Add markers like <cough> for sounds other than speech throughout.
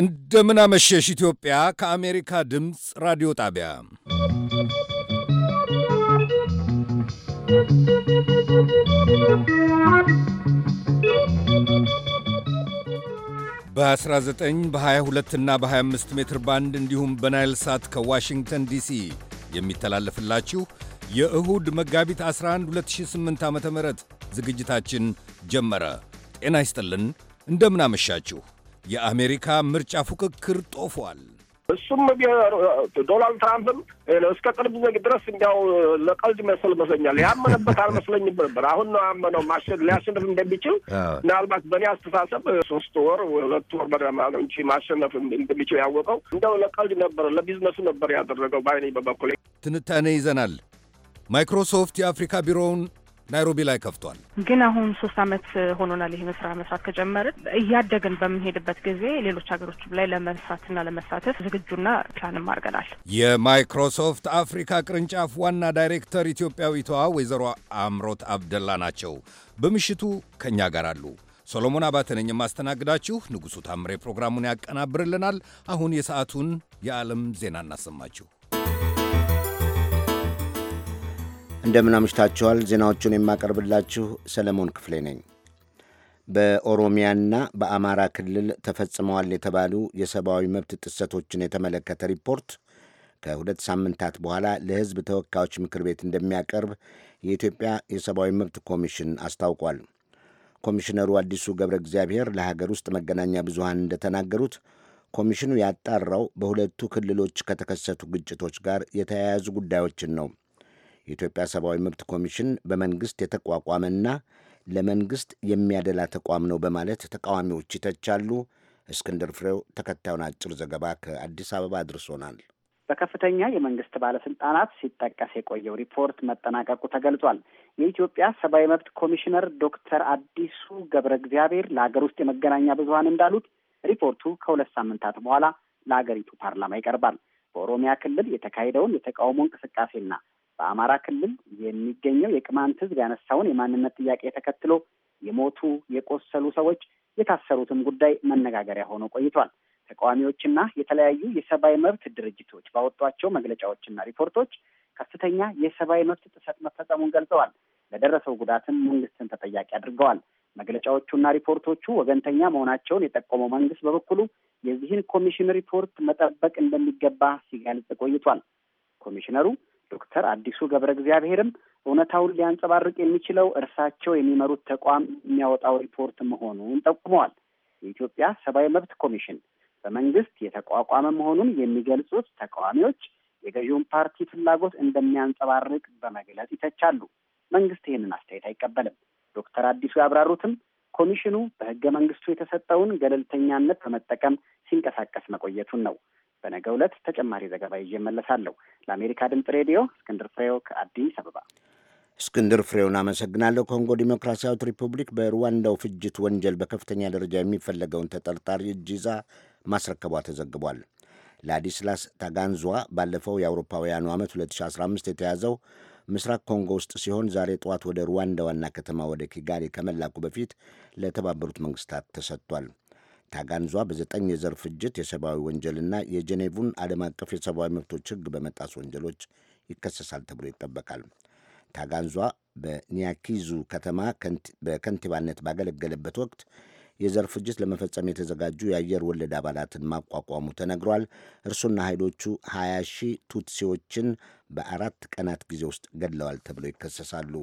እንደምናመሸሽ ኢትዮጵያ ከአሜሪካ ድምፅ ራዲዮ ጣቢያ በ19 በ22 እና በ25 ሜትር ባንድ እንዲሁም በናይል ሳት ከዋሽንግተን ዲሲ የሚተላለፍላችሁ የእሁድ መጋቢት 11 2008 ዓ ም ዝግጅታችን ጀመረ። ጤና ይስጥልን፣ እንደምናመሻችሁ። የአሜሪካ ምርጫ ፉክክር ጦፏል። እሱም ዶናልድ ትራምፕም እስከ ቅርብ ዘግ ድረስ እንዲያው ለቀልድ መስል ይመስለኛል ያመነበት አልመስለኝም ነበር። አሁን ነው ያመነው ሊያሸንፍ እንደሚችል ምናልባት በእኔ አስተሳሰብ ሶስት ወር ሁለት ወር በደማንቺ ማሸነፍ እንደሚችል ያወቀው እንዲያው ለቀልድ ነበር፣ ለቢዝነሱ ነበር ያደረገው ባይኔ በበኩሌ ትንታኔ ይዘናል። ማይክሮሶፍት የአፍሪካ ቢሮውን ናይሮቢ ላይ ከፍቷል። ግን አሁን ሶስት ዓመት ሆኖናል ይህን ስራ መስራት ከጀመርን። እያደግን በምንሄድበት ጊዜ ሌሎች ሀገሮችም ላይ ለመስራትና ለመሳተፍ ዝግጁና ፕላንም አድርገናል። የማይክሮሶፍት አፍሪካ ቅርንጫፍ ዋና ዳይሬክተር ኢትዮጵያዊቷ ወይዘሮ አምሮት አብደላ ናቸው። በምሽቱ ከእኛ ጋር አሉ። ሶሎሞን አባተ ነኝ የማስተናግዳችሁ። ንጉሡ ታምሬ ፕሮግራሙን ያቀናብርልናል። አሁን የሰዓቱን የዓለም ዜና እናሰማችሁ። እንደምን አምሽታችኋል። ዜናዎቹን የማቀርብላችሁ ሰለሞን ክፍሌ ነኝ። በኦሮሚያና በአማራ ክልል ተፈጽመዋል የተባሉ የሰብአዊ መብት ጥሰቶችን የተመለከተ ሪፖርት ከሁለት ሳምንታት በኋላ ለሕዝብ ተወካዮች ምክር ቤት እንደሚያቀርብ የኢትዮጵያ የሰብአዊ መብት ኮሚሽን አስታውቋል። ኮሚሽነሩ አዲሱ ገብረ እግዚአብሔር ለሀገር ውስጥ መገናኛ ብዙሃን እንደተናገሩት ኮሚሽኑ ያጣራው በሁለቱ ክልሎች ከተከሰቱ ግጭቶች ጋር የተያያዙ ጉዳዮችን ነው። የኢትዮጵያ ሰብአዊ መብት ኮሚሽን በመንግሥት የተቋቋመና ለመንግሥት የሚያደላ ተቋም ነው በማለት ተቃዋሚዎች ይተቻሉ። እስክንድር ፍሬው ተከታዩን አጭር ዘገባ ከአዲስ አበባ አድርሶናል። በከፍተኛ የመንግስት ባለስልጣናት ሲጠቀስ የቆየው ሪፖርት መጠናቀቁ ተገልጿል። የኢትዮጵያ ሰብአዊ መብት ኮሚሽነር ዶክተር አዲሱ ገብረ እግዚአብሔር ለሀገር ውስጥ የመገናኛ ብዙኃን እንዳሉት ሪፖርቱ ከሁለት ሳምንታት በኋላ ለሀገሪቱ ፓርላማ ይቀርባል። በኦሮሚያ ክልል የተካሄደውን የተቃውሞ እንቅስቃሴና በአማራ ክልል የሚገኘው የቅማንት ህዝብ ያነሳውን የማንነት ጥያቄ ተከትሎ የሞቱ የቆሰሉ ሰዎች የታሰሩትም ጉዳይ መነጋገሪያ ሆኖ ቆይቷል። ተቃዋሚዎችና የተለያዩ የሰብአዊ መብት ድርጅቶች ባወጧቸው መግለጫዎችና ሪፖርቶች ከፍተኛ የሰብአዊ መብት ጥሰት መፈጸሙን ገልጸዋል። ለደረሰው ጉዳትም መንግስትን ተጠያቂ አድርገዋል። መግለጫዎቹና ሪፖርቶቹ ወገንተኛ መሆናቸውን የጠቆመው መንግስት በበኩሉ የዚህን ኮሚሽን ሪፖርት መጠበቅ እንደሚገባ ሲገልጽ ቆይቷል። ኮሚሽነሩ ዶክተር አዲሱ ገብረ እግዚአብሔርም እውነታውን ሊያንጸባርቅ የሚችለው እርሳቸው የሚመሩት ተቋም የሚያወጣው ሪፖርት መሆኑን ጠቁመዋል። የኢትዮጵያ ሰብአዊ መብት ኮሚሽን በመንግስት የተቋቋመ መሆኑን የሚገልጹት ተቃዋሚዎች የገዢውን ፓርቲ ፍላጎት እንደሚያንጸባርቅ በመግለጽ ይተቻሉ። መንግስት ይህንን አስተያየት አይቀበልም። ዶክተር አዲሱ ያብራሩትም ኮሚሽኑ በህገ መንግስቱ የተሰጠውን ገለልተኛነት በመጠቀም ሲንቀሳቀስ መቆየቱን ነው። በነገ ዕለት ተጨማሪ ዘገባ ይዤ እመለሳለሁ። ለአሜሪካ ድምፅ ሬዲዮ እስክንድር ፍሬው ከአዲስ አበባ። እስክንድር ፍሬውን አመሰግናለሁ። ኮንጎ ዲሞክራሲያዊት ሪፑብሊክ በሩዋንዳው ፍጅት ወንጀል በከፍተኛ ደረጃ የሚፈለገውን ተጠርጣሪ እጅ ይዛ ማስረከቧ ተዘግቧል። ላዲስላስ ታጋንዟ ባለፈው የአውሮፓውያኑ ዓመት 2015 የተያዘው ምስራቅ ኮንጎ ውስጥ ሲሆን ዛሬ ጠዋት ወደ ሩዋንዳ ዋና ከተማ ወደ ኪጋሊ ከመላኩ በፊት ለተባበሩት መንግስታት ተሰጥቷል። ታጋንዟ በዘጠኝ የዘር ፍጅት፣ የሰብአዊ ወንጀልና የጄኔቭን ዓለም አቀፍ የሰብአዊ መብቶች ሕግ በመጣስ ወንጀሎች ይከሰሳል ተብሎ ይጠበቃል። ታጋንዟ በኒያኪዙ ከተማ በከንቲባነት ባገለገለበት ወቅት የዘር ፍጅት ለመፈጸም የተዘጋጁ የአየር ወለድ አባላትን ማቋቋሙ ተነግሯል። እርሱና ኃይሎቹ 20 ሺህ ቱትሲዎችን በአራት ቀናት ጊዜ ውስጥ ገድለዋል ተብሎ ይከሰሳሉ።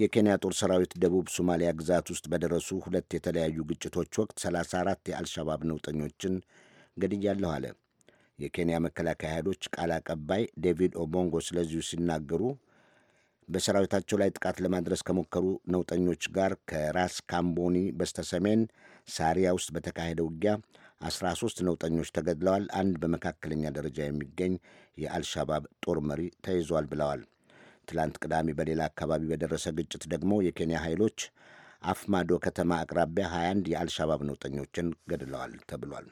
የኬንያ ጦር ሰራዊት ደቡብ ሶማሊያ ግዛት ውስጥ በደረሱ ሁለት የተለያዩ ግጭቶች ወቅት 34 የአልሻባብ ነውጠኞችን ገድያለሁ አለ። የኬንያ መከላከያ ኃይሎች ቃል አቀባይ ዴቪድ ኦቦንጎ ስለዚሁ ሲናገሩ በሰራዊታቸው ላይ ጥቃት ለማድረስ ከሞከሩ ነውጠኞች ጋር ከራስ ካምቦኒ በስተሰሜን ሳሪያ ውስጥ በተካሄደ ውጊያ 13 ነውጠኞች ተገድለዋል፣ አንድ በመካከለኛ ደረጃ የሚገኝ የአልሻባብ ጦር መሪ ተይዟል ብለዋል። ትላንት ቅዳሜ በሌላ አካባቢ በደረሰ ግጭት ደግሞ የኬንያ ኃይሎች አፍማዶ ከተማ አቅራቢያ 21 የአልሻባብ ነውጠኞችን ገድለዋል ተብሏል።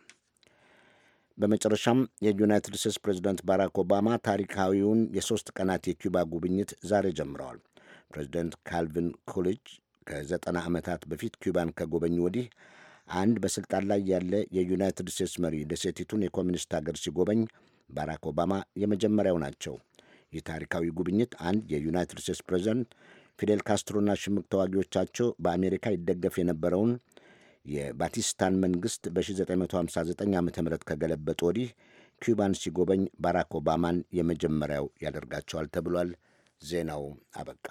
በመጨረሻም የዩናይትድ ስቴትስ ፕሬዚደንት ባራክ ኦባማ ታሪካዊውን የሦስት ቀናት የኪውባ ጉብኝት ዛሬ ጀምረዋል። ፕሬዚደንት ካልቪን ኮሊጅ ከዘጠና ዓመታት በፊት ኪውባን ከጎበኙ ወዲህ አንድ በሥልጣን ላይ ያለ የዩናይትድ ስቴትስ መሪ ደሴቲቱን የኮሚኒስት አገር ሲጎበኝ ባራክ ኦባማ የመጀመሪያው ናቸው። ይህ ታሪካዊ ጉብኝት አንድ የዩናይትድ ስቴትስ ፕሬዚደንት ፊዴል ካስትሮና ሽምቅ ተዋጊዎቻቸው በአሜሪካ ይደገፍ የነበረውን የባቲስታን መንግስት በ1959 ዓ ም ከገለበጡ ወዲህ ኪዩባን ሲጎበኝ ባራክ ኦባማን የመጀመሪያው ያደርጋቸዋል ተብሏል። ዜናው አበቃ።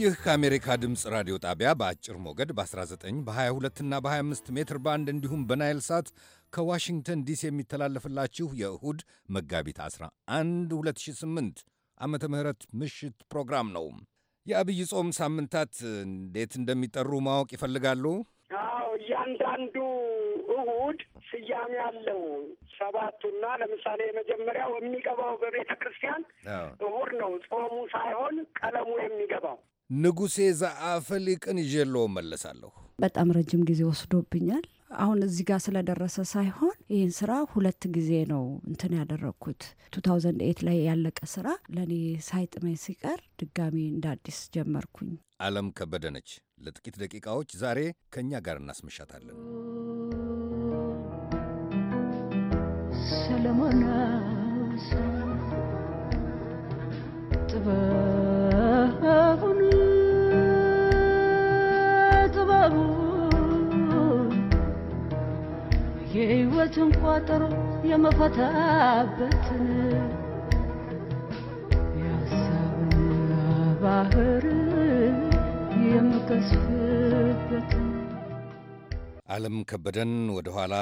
ይህ ከአሜሪካ ድምፅ ራዲዮ ጣቢያ በአጭር ሞገድ በ19 በ22 እና በ25 ሜትር ባንድ እንዲሁም በናይል ሳት ከዋሽንግተን ዲሲ የሚተላለፍላችሁ የእሁድ መጋቢት 11 2008 ዓመተ ምህረት ምሽት ፕሮግራም ነው። የአብይ ጾም ሳምንታት እንዴት እንደሚጠሩ ማወቅ ይፈልጋሉ? አዎ እያንዳንዱ እሁድ ስያሜ አለው። ሰባቱና ለምሳሌ የመጀመሪያው የሚገባው በቤተ ክርስቲያን እሁድ ነው። ጾሙ ሳይሆን ቀለሙ የሚገባው ንጉሴ ዘአፈሊቅን ይዤልዎ መለሳለሁ። በጣም ረጅም ጊዜ ወስዶብኛል። አሁን እዚህ ጋር ስለደረሰ ሳይሆን ይህን ስራ ሁለት ጊዜ ነው እንትን ያደረግኩት። 2008 ላይ ያለቀ ስራ ለእኔ ሳይጥመኝ ሲቀር ድጋሚ እንደ አዲስ ጀመርኩኝ። አለም ከበደነች ለጥቂት ደቂቃዎች ዛሬ ከእኛ ጋር እናስመሻታለን። ሰለሞን ጥበብ ጉልበትን ቋጠሮ የመፈታበትን የሀሳብን ባህር የምቀስፍበትን ዓለም ከበደን ወደ ኋላ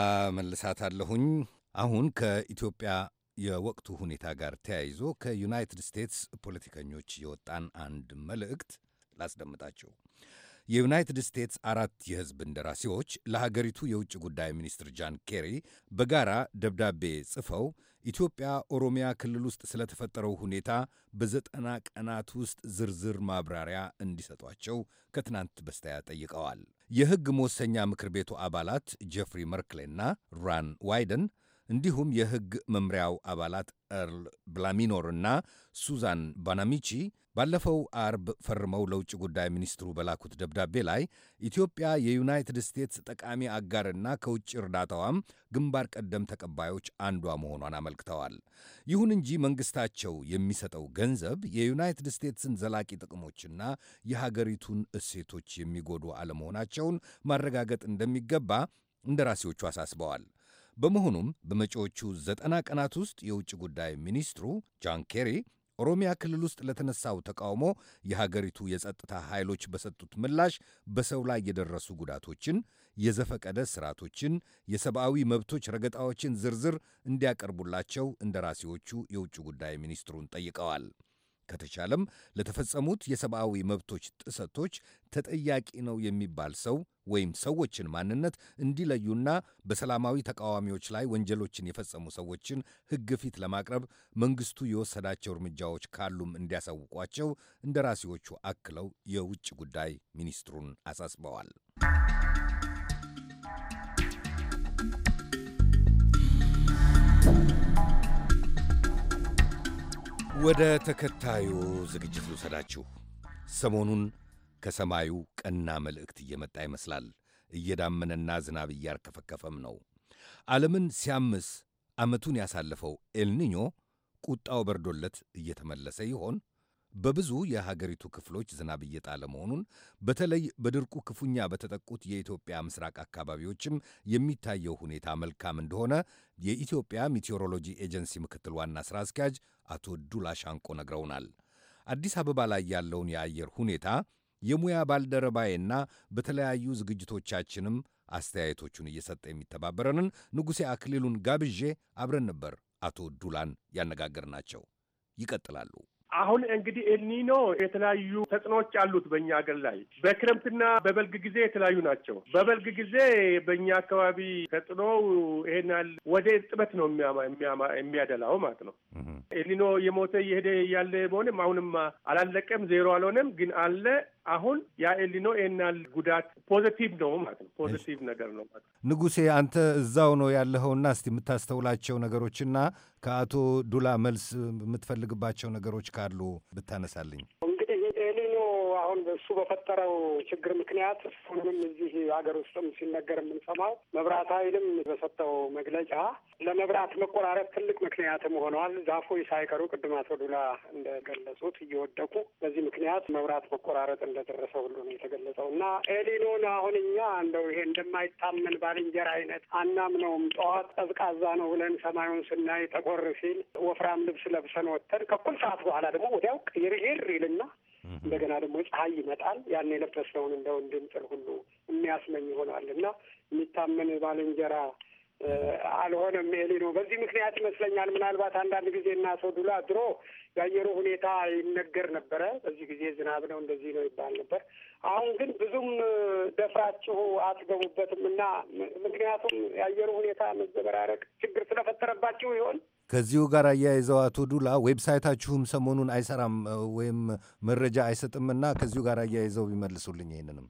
አለሁኝ አሁን ከኢትዮጵያ የወቅቱ ሁኔታ ጋር ተያይዞ ከዩናይትድ ስቴትስ ፖለቲከኞች የወጣን አንድ መልእክት ላስደምጣቸው። የዩናይትድ ስቴትስ አራት የህዝብ እንደራሴዎች ለሀገሪቱ የውጭ ጉዳይ ሚኒስትር ጃን ኬሪ በጋራ ደብዳቤ ጽፈው ኢትዮጵያ ኦሮሚያ ክልል ውስጥ ስለተፈጠረው ሁኔታ በዘጠና ቀናት ውስጥ ዝርዝር ማብራሪያ እንዲሰጧቸው ከትናንት በስተያ ጠይቀዋል። የሕግ መወሰኛ ምክር ቤቱ አባላት ጀፍሪ መርክሌና ራን ዋይደን እንዲሁም የሕግ መምሪያው አባላት ኤርል ብላሚኖር እና ሱዛን ባናሚቺ ባለፈው አርብ ፈርመው ለውጭ ጉዳይ ሚኒስትሩ በላኩት ደብዳቤ ላይ ኢትዮጵያ የዩናይትድ ስቴትስ ጠቃሚ አጋርና ከውጭ እርዳታዋም ግንባር ቀደም ተቀባዮች አንዷ መሆኗን አመልክተዋል። ይሁን እንጂ መንግስታቸው የሚሰጠው ገንዘብ የዩናይትድ ስቴትስን ዘላቂ ጥቅሞችና የሀገሪቱን እሴቶች የሚጎዱ አለመሆናቸውን ማረጋገጥ እንደሚገባ እንደራሴዎቹ አሳስበዋል። በመሆኑም በመጪዎቹ ዘጠና ቀናት ውስጥ የውጭ ጉዳይ ሚኒስትሩ ጃን ኬሪ ኦሮሚያ ክልል ውስጥ ለተነሳው ተቃውሞ የሀገሪቱ የጸጥታ ኃይሎች በሰጡት ምላሽ በሰው ላይ የደረሱ ጉዳቶችን፣ የዘፈቀደ ስርዓቶችን፣ የሰብአዊ መብቶች ረገጣዎችን ዝርዝር እንዲያቀርቡላቸው እንደራሴዎቹ የውጭ ጉዳይ ሚኒስትሩን ጠይቀዋል። ከተቻለም ለተፈጸሙት የሰብአዊ መብቶች ጥሰቶች ተጠያቂ ነው የሚባል ሰው ወይም ሰዎችን ማንነት እንዲለዩና በሰላማዊ ተቃዋሚዎች ላይ ወንጀሎችን የፈጸሙ ሰዎችን ሕግ ፊት ለማቅረብ መንግስቱ የወሰዳቸው እርምጃዎች ካሉም እንዲያሳውቋቸው እንደራሴዎቹ አክለው የውጭ ጉዳይ ሚኒስትሩን አሳስበዋል። ወደ ተከታዩ ዝግጅት ልውሰዳችሁ። ሰሞኑን ከሰማዩ ቀና መልእክት እየመጣ ይመስላል። እየዳመነና ዝናብ እያርከፈከፈም ነው። ዓለምን ሲያምስ ዓመቱን ያሳለፈው ኤልኒኞ ቁጣው በርዶለት እየተመለሰ ይሆን? በብዙ የሀገሪቱ ክፍሎች ዝናብ እየጣለ መሆኑን በተለይ በድርቁ ክፉኛ በተጠቁት የኢትዮጵያ ምስራቅ አካባቢዎችም የሚታየው ሁኔታ መልካም እንደሆነ የኢትዮጵያ ሚቴዎሮሎጂ ኤጀንሲ ምክትል ዋና ሥራ አስኪያጅ አቶ ዱላ ሻንቆ ነግረውናል። አዲስ አበባ ላይ ያለውን የአየር ሁኔታ የሙያ ባልደረባዬና በተለያዩ ዝግጅቶቻችንም አስተያየቶቹን እየሰጠ የሚተባበረንን ንጉሴ አክሊሉን ጋብዤ አብረን ነበር አቶ ዱላን ያነጋገርናቸው። ይቀጥላሉ። አሁን እንግዲህ ኤልኒኖ የተለያዩ ተጽዕኖዎች አሉት በእኛ ሀገር ላይ በክረምትና በበልግ ጊዜ የተለያዩ ናቸው። በበልግ ጊዜ በእኛ አካባቢ ተጽዕኖ ይሄናል ወደ እርጥበት ነው የሚያደላው ማለት ነው። ኤልኒኖ የሞተ እየሄደ ያለ መሆንም አሁንም አላለቀም፣ ዜሮ አልሆነም፣ ግን አለ አሁን የኤሊኖ ኤናል ጉዳት ፖዘቲቭ ነው ማለት ነው። ፖዘቲቭ ነገር ነው ማለት ነው። ንጉሴ አንተ እዛው ነው ያለኸውና እስቲ የምታስተውላቸው ነገሮችና ከአቶ ዱላ መልስ የምትፈልግባቸው ነገሮች ካሉ ብታነሳልኝ። አሁን እሱ በፈጠረው ችግር ምክንያት ሁሉም እዚህ ሀገር ውስጥም ሲነገር የምንሰማው መብራት ኃይልም በሰጠው መግለጫ ለመብራት መቆራረጥ ትልቅ ምክንያትም ሆነዋል። ዛፎች ሳይቀሩ ቅድም አቶ ዱላ እንደገለጹት እየወደቁ በዚህ ምክንያት መብራት መቆራረጥ እንደደረሰ ሁሉ ነው የተገለጸው እና ኤሊኖን አሁን እኛ እንደው ይሄ እንደማይታመን ባልንጀራ አይነት አናምነውም። ጠዋት ቀዝቃዛ ነው ብለን ሰማዩን ስናይ ጠቆር ሲል ወፍራም ልብስ ለብሰን ወጥተን ከኩል ሰዓት በኋላ ደግሞ ወዲያው ይርር ይልና እንደገና ደግሞ ፀሐይ ይመጣል። ያን የለበሰውን እንደ ወንድም ሁሉ የሚያስመኝ ይሆናል እና የሚታመን ባልንጀራ አልሆነም። ሄሊ ነው። በዚህ ምክንያት ይመስለኛል ምናልባት አንዳንድ ጊዜ እና ሰው ዱላ ድሮ የአየሩ ሁኔታ ይነገር ነበረ። በዚህ ጊዜ ዝናብ ነው እንደዚህ ነው ይባል ነበር። አሁን ግን ብዙም ደፍራችሁ አትገቡበትም እና ምክንያቱም የአየሩ ሁኔታ መዘበራረቅ ችግር ስለፈጠረባችሁ ይሆን? ከዚሁ ጋር አያይዘው አቶ ዱላ ዌብሳይታችሁም ሰሞኑን አይሰራም ወይም መረጃ አይሰጥምና ከዚሁ ጋር አያይዘው ቢመልሱልኝ ይህንንም።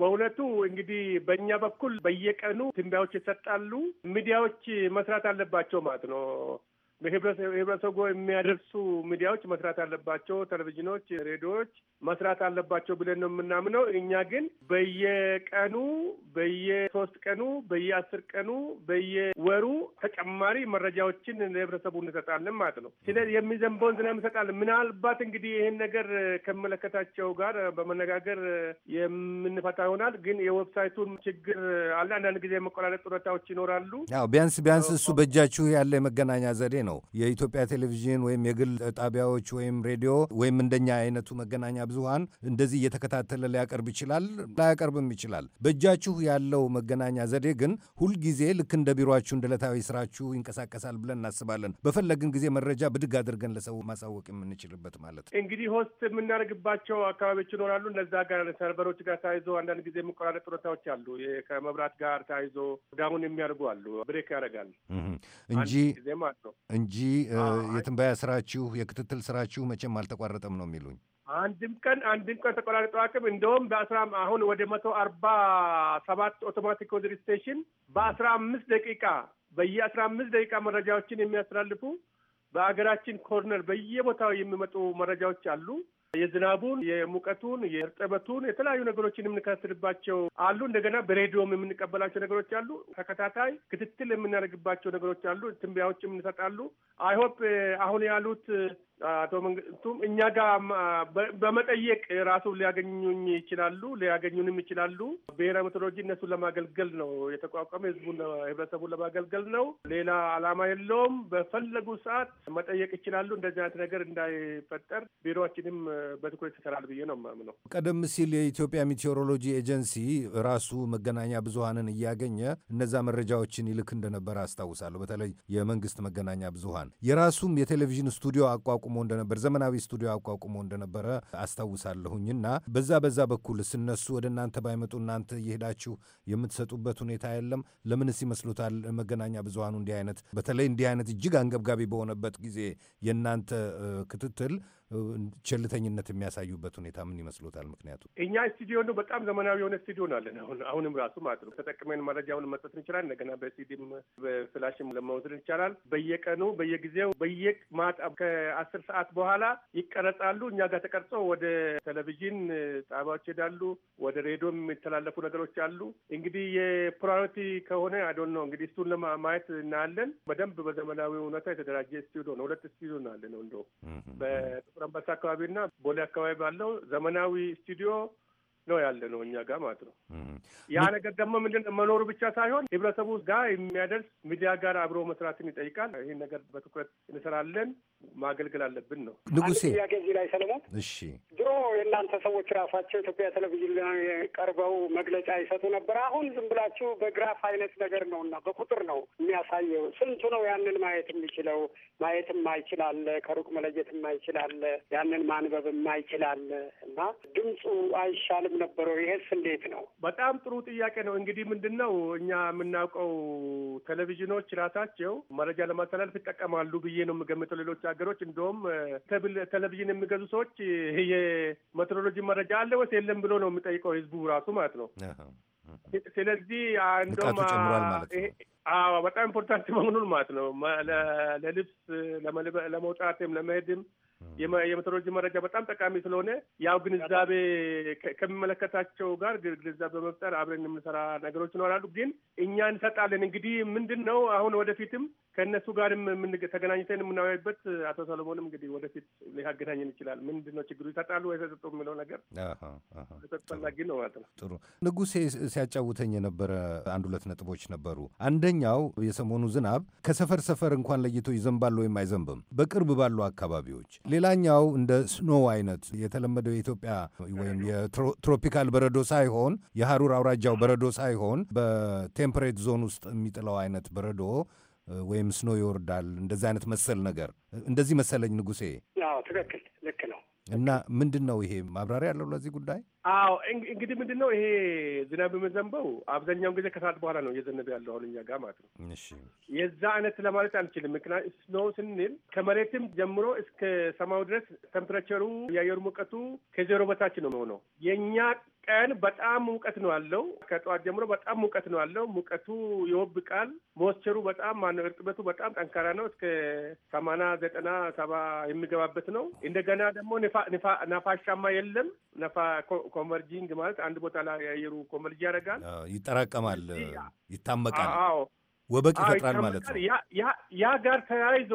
በእውነቱ እንግዲህ በእኛ በኩል በየቀኑ ትንቢያዎች ይሰጣሉ። ሚዲያዎች መስራት አለባቸው ማለት ነው። ህብረተሰቡ የሚያደርሱ ሚዲያዎች መስራት አለባቸው። ቴሌቪዥኖች፣ ሬዲዮዎች መስራት አለባቸው ብለን ነው የምናምነው። እኛ ግን በየቀኑ በየሶስት ቀኑ በየአስር ቀኑ በየወሩ ተጨማሪ መረጃዎችን ለህብረተሰቡ እንሰጣለን ማለት ነው። ስለዚህ የሚዘንበውን ዝናብ እንሰጣለን። ምናልባት እንግዲህ ይህን ነገር ከመለከታቸው ጋር በመነጋገር የምንፈታ ይሆናል። ግን የዌብሳይቱን ችግር አለ። አንዳንድ ጊዜ የመቆላለጥ ሁኔታዎች ይኖራሉ። ቢያንስ ቢያንስ እሱ በእጃችሁ ያለ የመገናኛ ዘዴ ነው ነው። የኢትዮጵያ ቴሌቪዥን ወይም የግል ጣቢያዎች ወይም ሬዲዮ ወይም እንደኛ አይነቱ መገናኛ ብዙሃን እንደዚህ እየተከታተለ ሊያቀርብ ይችላል፣ ላያቀርብም ይችላል። በእጃችሁ ያለው መገናኛ ዘዴ ግን ሁልጊዜ ልክ እንደ ቢሮችሁ እንደ ዕለታዊ ስራችሁ ይንቀሳቀሳል ብለን እናስባለን። በፈለግን ጊዜ መረጃ ብድግ አድርገን ለሰው ማሳወቅ የምንችልበት ማለት ነው። እንግዲህ ሆስት የምናደርግባቸው አካባቢዎች ይኖራሉ። እነዛ ጋር ሰርቨሮች ጋር ተያይዞ አንዳንድ ጊዜ የሚቆራረጥ ሁኔታዎች አሉ። ከመብራት ጋር ተያይዞ ዳሁን የሚያደርጉ አሉ። ብሬክ ያደርጋል እንጂ እንጂ የትንበያ ስራችሁ የክትትል ስራችሁ መቼም አልተቋረጠም ነው የሚሉኝ። አንድም ቀን አንድም ቀን ተቆራርጠው አቅም እንደውም በአስራ አሁን ወደ መቶ አርባ ሰባት ኦቶማቲክ ወደድ ስቴሽን በአስራ አምስት ደቂቃ በየአስራ አምስት ደቂቃ መረጃዎችን የሚያስተላልፉ በሀገራችን ኮርነር በየቦታው የሚመጡ መረጃዎች አሉ። የዝናቡን፣ የሙቀቱን፣ የእርጥበቱን የተለያዩ ነገሮችን የምንከታተልባቸው አሉ። እንደገና በሬዲዮም የምንቀበላቸው ነገሮች አሉ። ተከታታይ ክትትል የምናደርግባቸው ነገሮች አሉ። ትንቢያዎች የምንሰጣሉ። አይሆፕ አሁን ያሉት አቶ መንግስቱም እኛ ጋር በመጠየቅ ራሱ ሊያገኙኝ ይችላሉ፣ ሊያገኙንም ይችላሉ። ብሔራዊ ሜትሮሎጂ እነሱን ለማገልገል ነው የተቋቋመ፣ ህዝቡን ህብረተሰቡን ለማገልገል ነው። ሌላ አላማ የለውም። በፈለጉ ሰዓት መጠየቅ ይችላሉ። እንደዚህ አይነት ነገር እንዳይፈጠር ቢሮችንም በትኩረት ይሰራል ብዬ ነው የማምነው። ቀደም ሲል የኢትዮጵያ ሜቴዎሮሎጂ ኤጀንሲ ራሱ መገናኛ ብዙሀንን እያገኘ እነዛ መረጃዎችን ይልክ እንደነበረ አስታውሳለሁ። በተለይ የመንግስት መገናኛ ብዙሀን የራሱም የቴሌቪዥን ስቱዲዮ አቋቁሞ እንደነበር፣ ዘመናዊ ስቱዲዮ አቋቁሞ እንደነበረ አስታውሳለሁኝ እና በዛ በዛ በኩል ስነሱ ወደ እናንተ ባይመጡ እናንተ እየሄዳችሁ የምትሰጡበት ሁኔታ የለም? ለምንስ ይመስሉታል መገናኛ ብዙሀኑ እንዲህ አይነት በተለይ እንዲህ አይነት እጅግ አንገብጋቢ በሆነበት ጊዜ የእናንተ ክትትል ቸልተኝነት የሚያሳዩበት ሁኔታ ምን ይመስሎታል? ምክንያቱ እኛ ስቱዲዮ ነው፣ በጣም ዘመናዊ የሆነ ስቱዲዮ ነው አለን። አሁን አሁንም ራሱ ማለት ነው ተጠቅመን መረጃውን መስጠት እንችላል። እንደገና በሲዲም በፍላሽም ለመውሰድ እንችላል። በየቀኑ በየጊዜው በየቅ ማጣ ከአስር ሰዓት በኋላ ይቀረጻሉ። እኛ ጋር ተቀርጾ ወደ ቴሌቪዥን ጣቢያዎች ይሄዳሉ። ወደ ሬዲዮ የሚተላለፉ ነገሮች አሉ። እንግዲህ የፕራዮሪቲ ከሆነ አዶን ነው እንግዲህ እሱን ለማየት እናያለን። በደንብ በዘመናዊ እውነታ የተደራጀ ስቱዲዮ ነው። ሁለት ስቱዲዮ ነው አለ ነው እንደው አካባቢ አካባቢና ቦሌ አካባቢ ባለው ዘመናዊ ስቱዲዮ ነው ያለ ነው እኛ ጋር ማለት ነው። ያ ነገር ደግሞ ምንድን ነው መኖሩ ብቻ ሳይሆን ህብረተሰቡ ጋር የሚያደርስ ሚዲያ ጋር አብሮ መስራትን ይጠይቃል። ይህን ነገር በትኩረት እንሰራለን፣ ማገልገል አለብን ነው ንጉሴ። ጥያቄ እዚህ ላይ ሰለሞን፣ እሺ ድሮ የእናንተ ሰዎች ራሳቸው ኢትዮጵያ ቴሌቪዥን ቀርበው መግለጫ ይሰጡ ነበር። አሁን ዝም ብላችሁ በግራፍ አይነት ነገር እና በቁጥር ነው የሚያሳየው። ስንቱ ነው ያንን ማየት የሚችለው? ማየት የማይችላለ፣ ከሩቅ መለየት የማይችላለ፣ ያንን ማንበብ የማይችላለ እና ድምፁ አይሻልም ነበረው። ይሄስ ስሌት ነው? በጣም ጥሩ ጥያቄ ነው። እንግዲህ ምንድን ነው እኛ የምናውቀው ቴሌቪዥኖች ራሳቸው መረጃ ለማስተላለፍ ይጠቀማሉ ብዬ ነው የምገምጠው። ሌሎች ሀገሮች እንደውም ቴሌቪዥን የሚገዙ ሰዎች የሜትሮሎጂ መረጃ አለ ወይስ የለም ብሎ ነው የሚጠይቀው ህዝቡ ራሱ ማለት ነው። ስለዚህ እንደውም አዎ በጣም ኢምፖርታንት መሆኑን ማለት ነው ለልብስ ለመውጣትም ለመሄድም የሜትሮሎጂ መረጃ በጣም ጠቃሚ ስለሆነ ያው ግንዛቤ ከሚመለከታቸው ጋር ግንዛቤ በመፍጠር አብረን የምንሰራ ነገሮች ይኖራሉ። ግን እኛ እንሰጣለን። እንግዲህ ምንድን ነው አሁን ወደፊትም ከእነሱ ጋርም ተገናኝተን የምናወያይበት አቶ ሰለሞንም እንግዲህ ወደፊት ሊያገናኝን ይችላል። ምንድን ነው ችግሩ ይሰጣሉ ወይ ሰጡ የሚለው ነገር ተፈላጊ ነው ማለት ነው። ጥሩ ንጉሴ ሲያጫውተኝ የነበረ አንድ ሁለት ነጥቦች ነበሩ። አንደኛው የሰሞኑ ዝናብ ከሰፈር ሰፈር እንኳን ለይቶ ይዘንባል ወይም አይዘንብም በቅርብ ባሉ አካባቢዎች ሌላኛው እንደ ስኖው አይነት የተለመደው የኢትዮጵያ ወይም የትሮፒካል በረዶ ሳይሆን የሀሩር አውራጃው በረዶ ሳይሆን በቴምፐሬት ዞን ውስጥ የሚጥለው አይነት በረዶ ወይም ስኖ ይወርዳል። እንደዚህ አይነት መሰል ነገር እንደዚህ መሰለኝ ንጉሴ። ትክክል፣ ልክ ነው። እና ምንድን ነው ይሄ ማብራሪያ አለው ለዚህ ጉዳይ? አዎ እንግዲህ ምንድን ነው ይሄ ዝናብ የምዘንበው አብዛኛውን ጊዜ ከሰዓት በኋላ ነው እየዘነበ ያለው አሁን እኛ ጋር ማለት ነው። የዛ አይነት ለማለት አንችልም። ምክንያት ስኖ ስንል ከመሬትም ጀምሮ እስከ ሰማዩ ድረስ ተምፕሬቸሩ የአየሩ ሙቀቱ ከዜሮ በታች ነው የሚሆነው። የእኛ ቀን በጣም ሙቀት ነው ያለው። ከጠዋት ጀምሮ በጣም ሙቀት ነው ያለው። ሙቀቱ ቃል ሞስቸሩ በጣም ማነው እርጥበቱ በጣም ጠንካራ ነው። እስከ ሰማና ዘጠና ሰባ የሚገባበት ነው። እንደገና ደግሞ ነፋሻማ የለም ነፋ ኮንቨርጂንግ ማለት አንድ ቦታ ላይ የአየሩ ኮንቨርጅ ያደርጋል፣ ይጠራቀማል፣ ይታመቃል፣ ወበቅ ይፈጥራል ማለት ነው። ያ ጋር ተያይዞ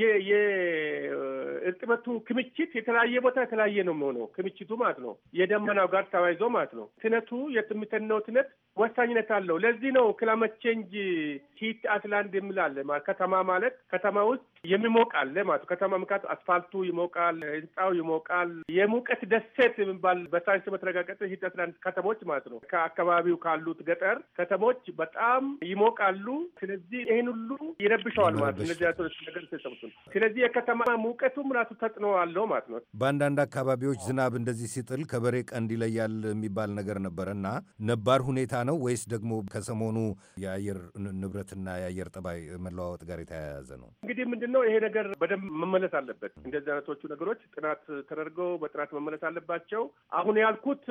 የእርጥበቱ ክምችት የተለያየ ቦታ የተለያየ ነው የሚሆነው ክምችቱ ማለት ነው። የደመናው ጋር ተያይዞ ማለት ነው። ትነቱ የምተንነው ትነት ወሳኝነት አለው። ለዚህ ነው ክላመት ቼንጅ ሂት አትላንድ የምላለ ከተማ ማለት ከተማ ውስጥ የሚሞቃል አለ ማለት ከተማ ምካት አስፋልቱ ይሞቃል፣ ህንፃው ይሞቃል። የሙቀት ደሴት የሚባል በሳይንስ በተረጋገጠ ሂደት ከተሞች ማለት ነው ከአካባቢው ካሉት ገጠር ከተሞች በጣም ይሞቃሉ። ስለዚህ ይህን ሁሉ ይረብሸዋል ማለት ነው እነዚህ ነገር ሲሰሙትን። ስለዚህ የከተማ ሙቀቱም ራሱ ተጽዕኖ አለው ማለት ነው። በአንዳንድ አካባቢዎች ዝናብ እንደዚህ ሲጥል ከበሬ ቀንድ ይለያል የሚባል ነገር ነበረ እና ነባር ሁኔታ ነው ወይስ ደግሞ ከሰሞኑ የአየር ንብረትና የአየር ጠባይ መለዋወጥ ጋር የተያያዘ ነው? እንግዲህ ምንድን ምንድን ነው ይሄ ነገር በደንብ መመለስ አለበት። እንደዚህ አይነቶቹ ነገሮች ጥናት ተደርገው በጥናት መመለስ አለባቸው። አሁን ያልኩት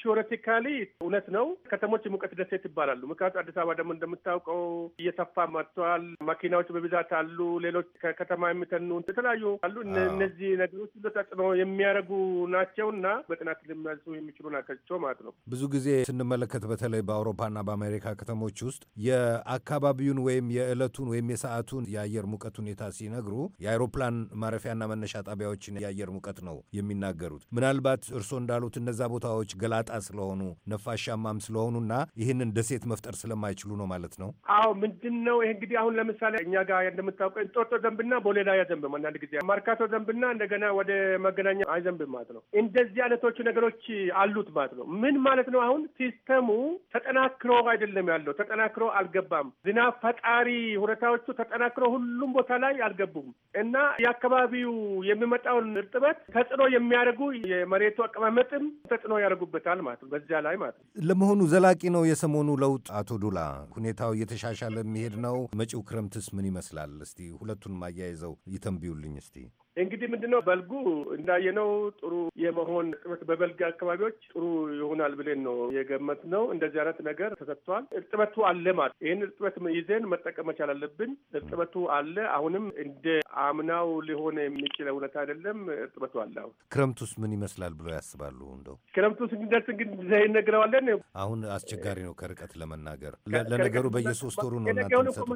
ቲዎሬቲካሊ እውነት ነው። ከተሞች የሙቀት ደሴት ይባላሉ። ምክንያቱ አዲስ አበባ ደግሞ እንደምታውቀው እየሰፋ መጥቷል። መኪናዎች በብዛት አሉ። ሌሎች ከከተማ የሚተኑ የተለያዩ አሉ። እነዚህ ነገሮች ተጽዕኖ የሚያደርጉ ናቸው እና በጥናት ሊመለሱ የሚችሉ ናቸው ማለት ነው። ብዙ ጊዜ ስንመለከት በተለይ በአውሮፓና በአሜሪካ ከተሞች ውስጥ የአካባቢውን ወይም የዕለቱን ወይም የሰዓቱን የአየር ሙቀት ሁኔታ ሲነግሩ የአውሮፕላን ማረፊያና መነሻ ጣቢያዎችን የአየር ሙቀት ነው የሚናገሩት። ምናልባት እርስዎ እንዳሉት እነዛ ቦታዎች ገላጣ ስለሆኑ ነፋሻማም ስለሆኑና ይህንን ደሴት መፍጠር ስለማይችሉ ነው ማለት ነው። አዎ ምንድን ነው ይህ እንግዲህ አሁን ለምሳሌ እኛ ጋር እንደምታውቀኝ ጦጦ ዘንብና ቦሌ ላይ አይዘንብም። አንዳንድ ጊዜ ማርካቶ ዘንብና እንደገና ወደ መገናኛ አይዘንብም ማለት ነው። እንደዚህ አይነቶቹ ነገሮች አሉት ማለት ነው። ምን ማለት ነው? አሁን ሲስተሙ ተጠናክሮ አይደለም ያለው፣ ተጠናክሮ አልገባም። ዝናብ ፈጣሪ ሁኔታዎቹ ተጠናክሮ ሁሉም ቦታ ላይ አልገቡም እና የአካባቢው የሚመጣውን እርጥበት ተጽዕኖ የሚያደርጉ የመሬቱ አቀማመጥም ተጽዕኖ ያደርጉበታል ማለት ነው። በዚያ ላይ ማለት ነው። ለመሆኑ ዘላቂ ነው የሰሞኑ ለውጥ? አቶ ዱላ፣ ሁኔታው እየተሻሻለ የሚሄድ ነው? መጪው ክረምትስ ምን ይመስላል? እስቲ ሁለቱንም አያይዘው ይተንብዩልኝ እስቲ። እንግዲህ ምንድነው በልጉ እንዳየነው ጥሩ የመሆን እርጥበት በበልግ አካባቢዎች ጥሩ ይሆናል ብለን ነው የገመት ነው። እንደዚህ አይነት ነገር ተሰጥቷል። እርጥበቱ አለ ማለት ይህን እርጥበት ይዘን መጠቀም መቻል አለብን። እርጥበቱ አለ። አሁንም እንደ አምናው ሊሆን የሚችል እውነት አይደለም። እርጥበቱ አለ። አሁን ክረምቱስ ምን ይመስላል ብሎ ያስባሉ? እንደው ክረምቱስ ስንደርስ እንግዲህ እነግረዋለን። አሁን አስቸጋሪ ነው ከርቀት ለመናገር። ለነገሩ በየሶስት ወሩ ነው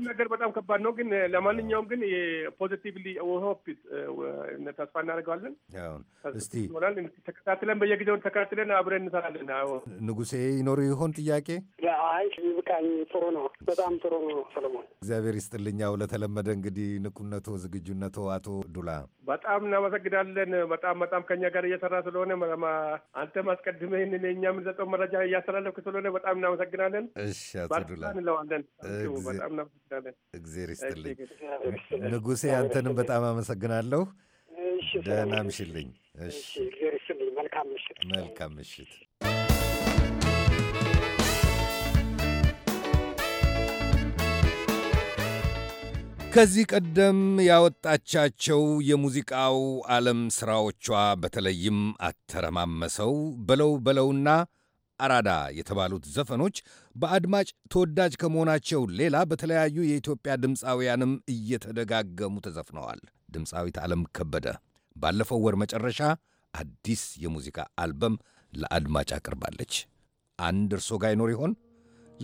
መናገር በጣም ከባድ ነው። ግን ለማንኛውም ግን ፖዚቲቭሊ ሆፕ ተስፋ እናደርገዋለን። እስቲ ተከታትለን በየጊዜውን ተከታትለን አብረን እንሰራለን። ንጉሴ ይኖሩ ይሆን ጥያቄ? አይ ይብቃኝ። ጥሩ ነው፣ በጣም ጥሩ ነው ሰለሞን። እግዚአብሔር ይስጥልኛው ለተለመደ እንግዲህ ንቁነቶ፣ ዝግጁነቶ አቶ ዱላ በጣም እናመሰግናለን። በጣም በጣም ከኛ ጋር እየሰራ ስለሆነ አንተ አስቀድመህ ይህንን የምንሰጠው መረጃ እያስተላለፍክ ስለሆነ በጣም እናመሰግናለን። እሺ እንለዋለን። በጣም እናመሰግናለን። እግዜር ይስጥልኝ ንጉሴ፣ አንተንም በጣም አመሰግናለሁ። ደህና ምሽልኝ። እሺ፣ እግዜር ይስጥልኝ። መልካም ምሽት። መልካም ምሽት። ከዚህ ቀደም ያወጣቻቸው የሙዚቃው ዓለም ሥራዎቿ በተለይም አተረማመሰው፣ በለው በለውና አራዳ የተባሉት ዘፈኖች በአድማጭ ተወዳጅ ከመሆናቸው ሌላ በተለያዩ የኢትዮጵያ ድምፃውያንም እየተደጋገሙ ተዘፍነዋል። ድምፃዊት ዓለም ከበደ ባለፈው ወር መጨረሻ አዲስ የሙዚቃ አልበም ለአድማጭ አቅርባለች። አንድ እርሶ ጋይኖር ይሆን?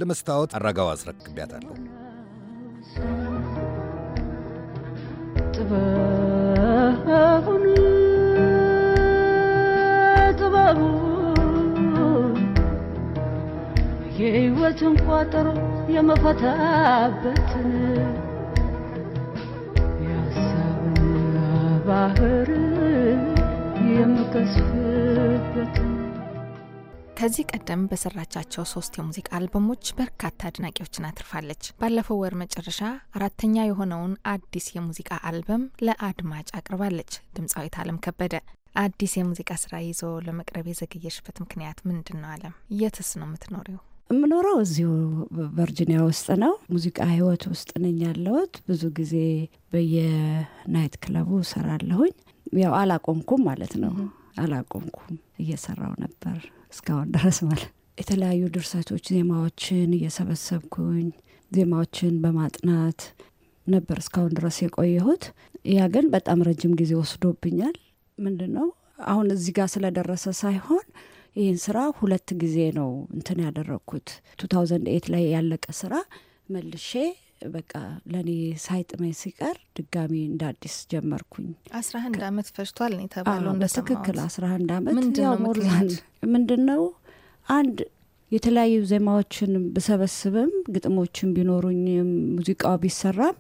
ለመስታወት አራጋው አስረክቤያታለሁ። ጥበቡን ጥበቡን የህይወትን ቋጠሮ የመፈታበትን የሀሳብን ባህር ከዚህ ቀደም በሰራቻቸው ሶስት የሙዚቃ አልበሞች በርካታ አድናቂዎችን አትርፋለች። ባለፈው ወር መጨረሻ አራተኛ የሆነውን አዲስ የሙዚቃ አልበም ለአድማጭ አቅርባለች። ድምፃዊት አለም ከበደ አዲስ የሙዚቃ ስራ ይዞ ለመቅረብ የዘገየሽበት ምክንያት ምንድን ነው? አለም የትስ ነው የምትኖሪው? የምኖረው እዚሁ ቨርጂኒያ ውስጥ ነው። ሙዚቃ ህይወት ውስጥ ነኝ ያለሁት። ብዙ ጊዜ በየናይት ክለቡ ሰራለሁኝ። ያው አላቆምኩም ማለት ነው። አላቆምኩም እየሰራው ነበር። እስካሁን ድረስ ማለት የተለያዩ ድርሰቶች ዜማዎችን እየሰበሰብኩኝ ዜማዎችን በማጥናት ነበር እስካሁን ድረስ የቆየሁት። ያ ግን በጣም ረጅም ጊዜ ወስዶብኛል። ምንድን ነው አሁን እዚህ ጋር ስለደረሰ ሳይሆን ይህን ስራ ሁለት ጊዜ ነው እንትን ያደረግኩት። ቱ ታውዘንድ ኤት ላይ ያለቀ ስራ መልሼ በቃ ለእኔ ሳይጥመኝ ሲቀር ድጋሚ እንደ አዲስ ጀመርኩኝ። አስራ አንድ አመት ፈጅቷል ነው የተባለው። አስራ አንድ አመት ያው ሞርዛን ምንድን ነው አንድ የተለያዩ ዜማዎችን ብሰበስብም ግጥሞችን ቢኖሩኝ ሙዚቃው ቢሰራም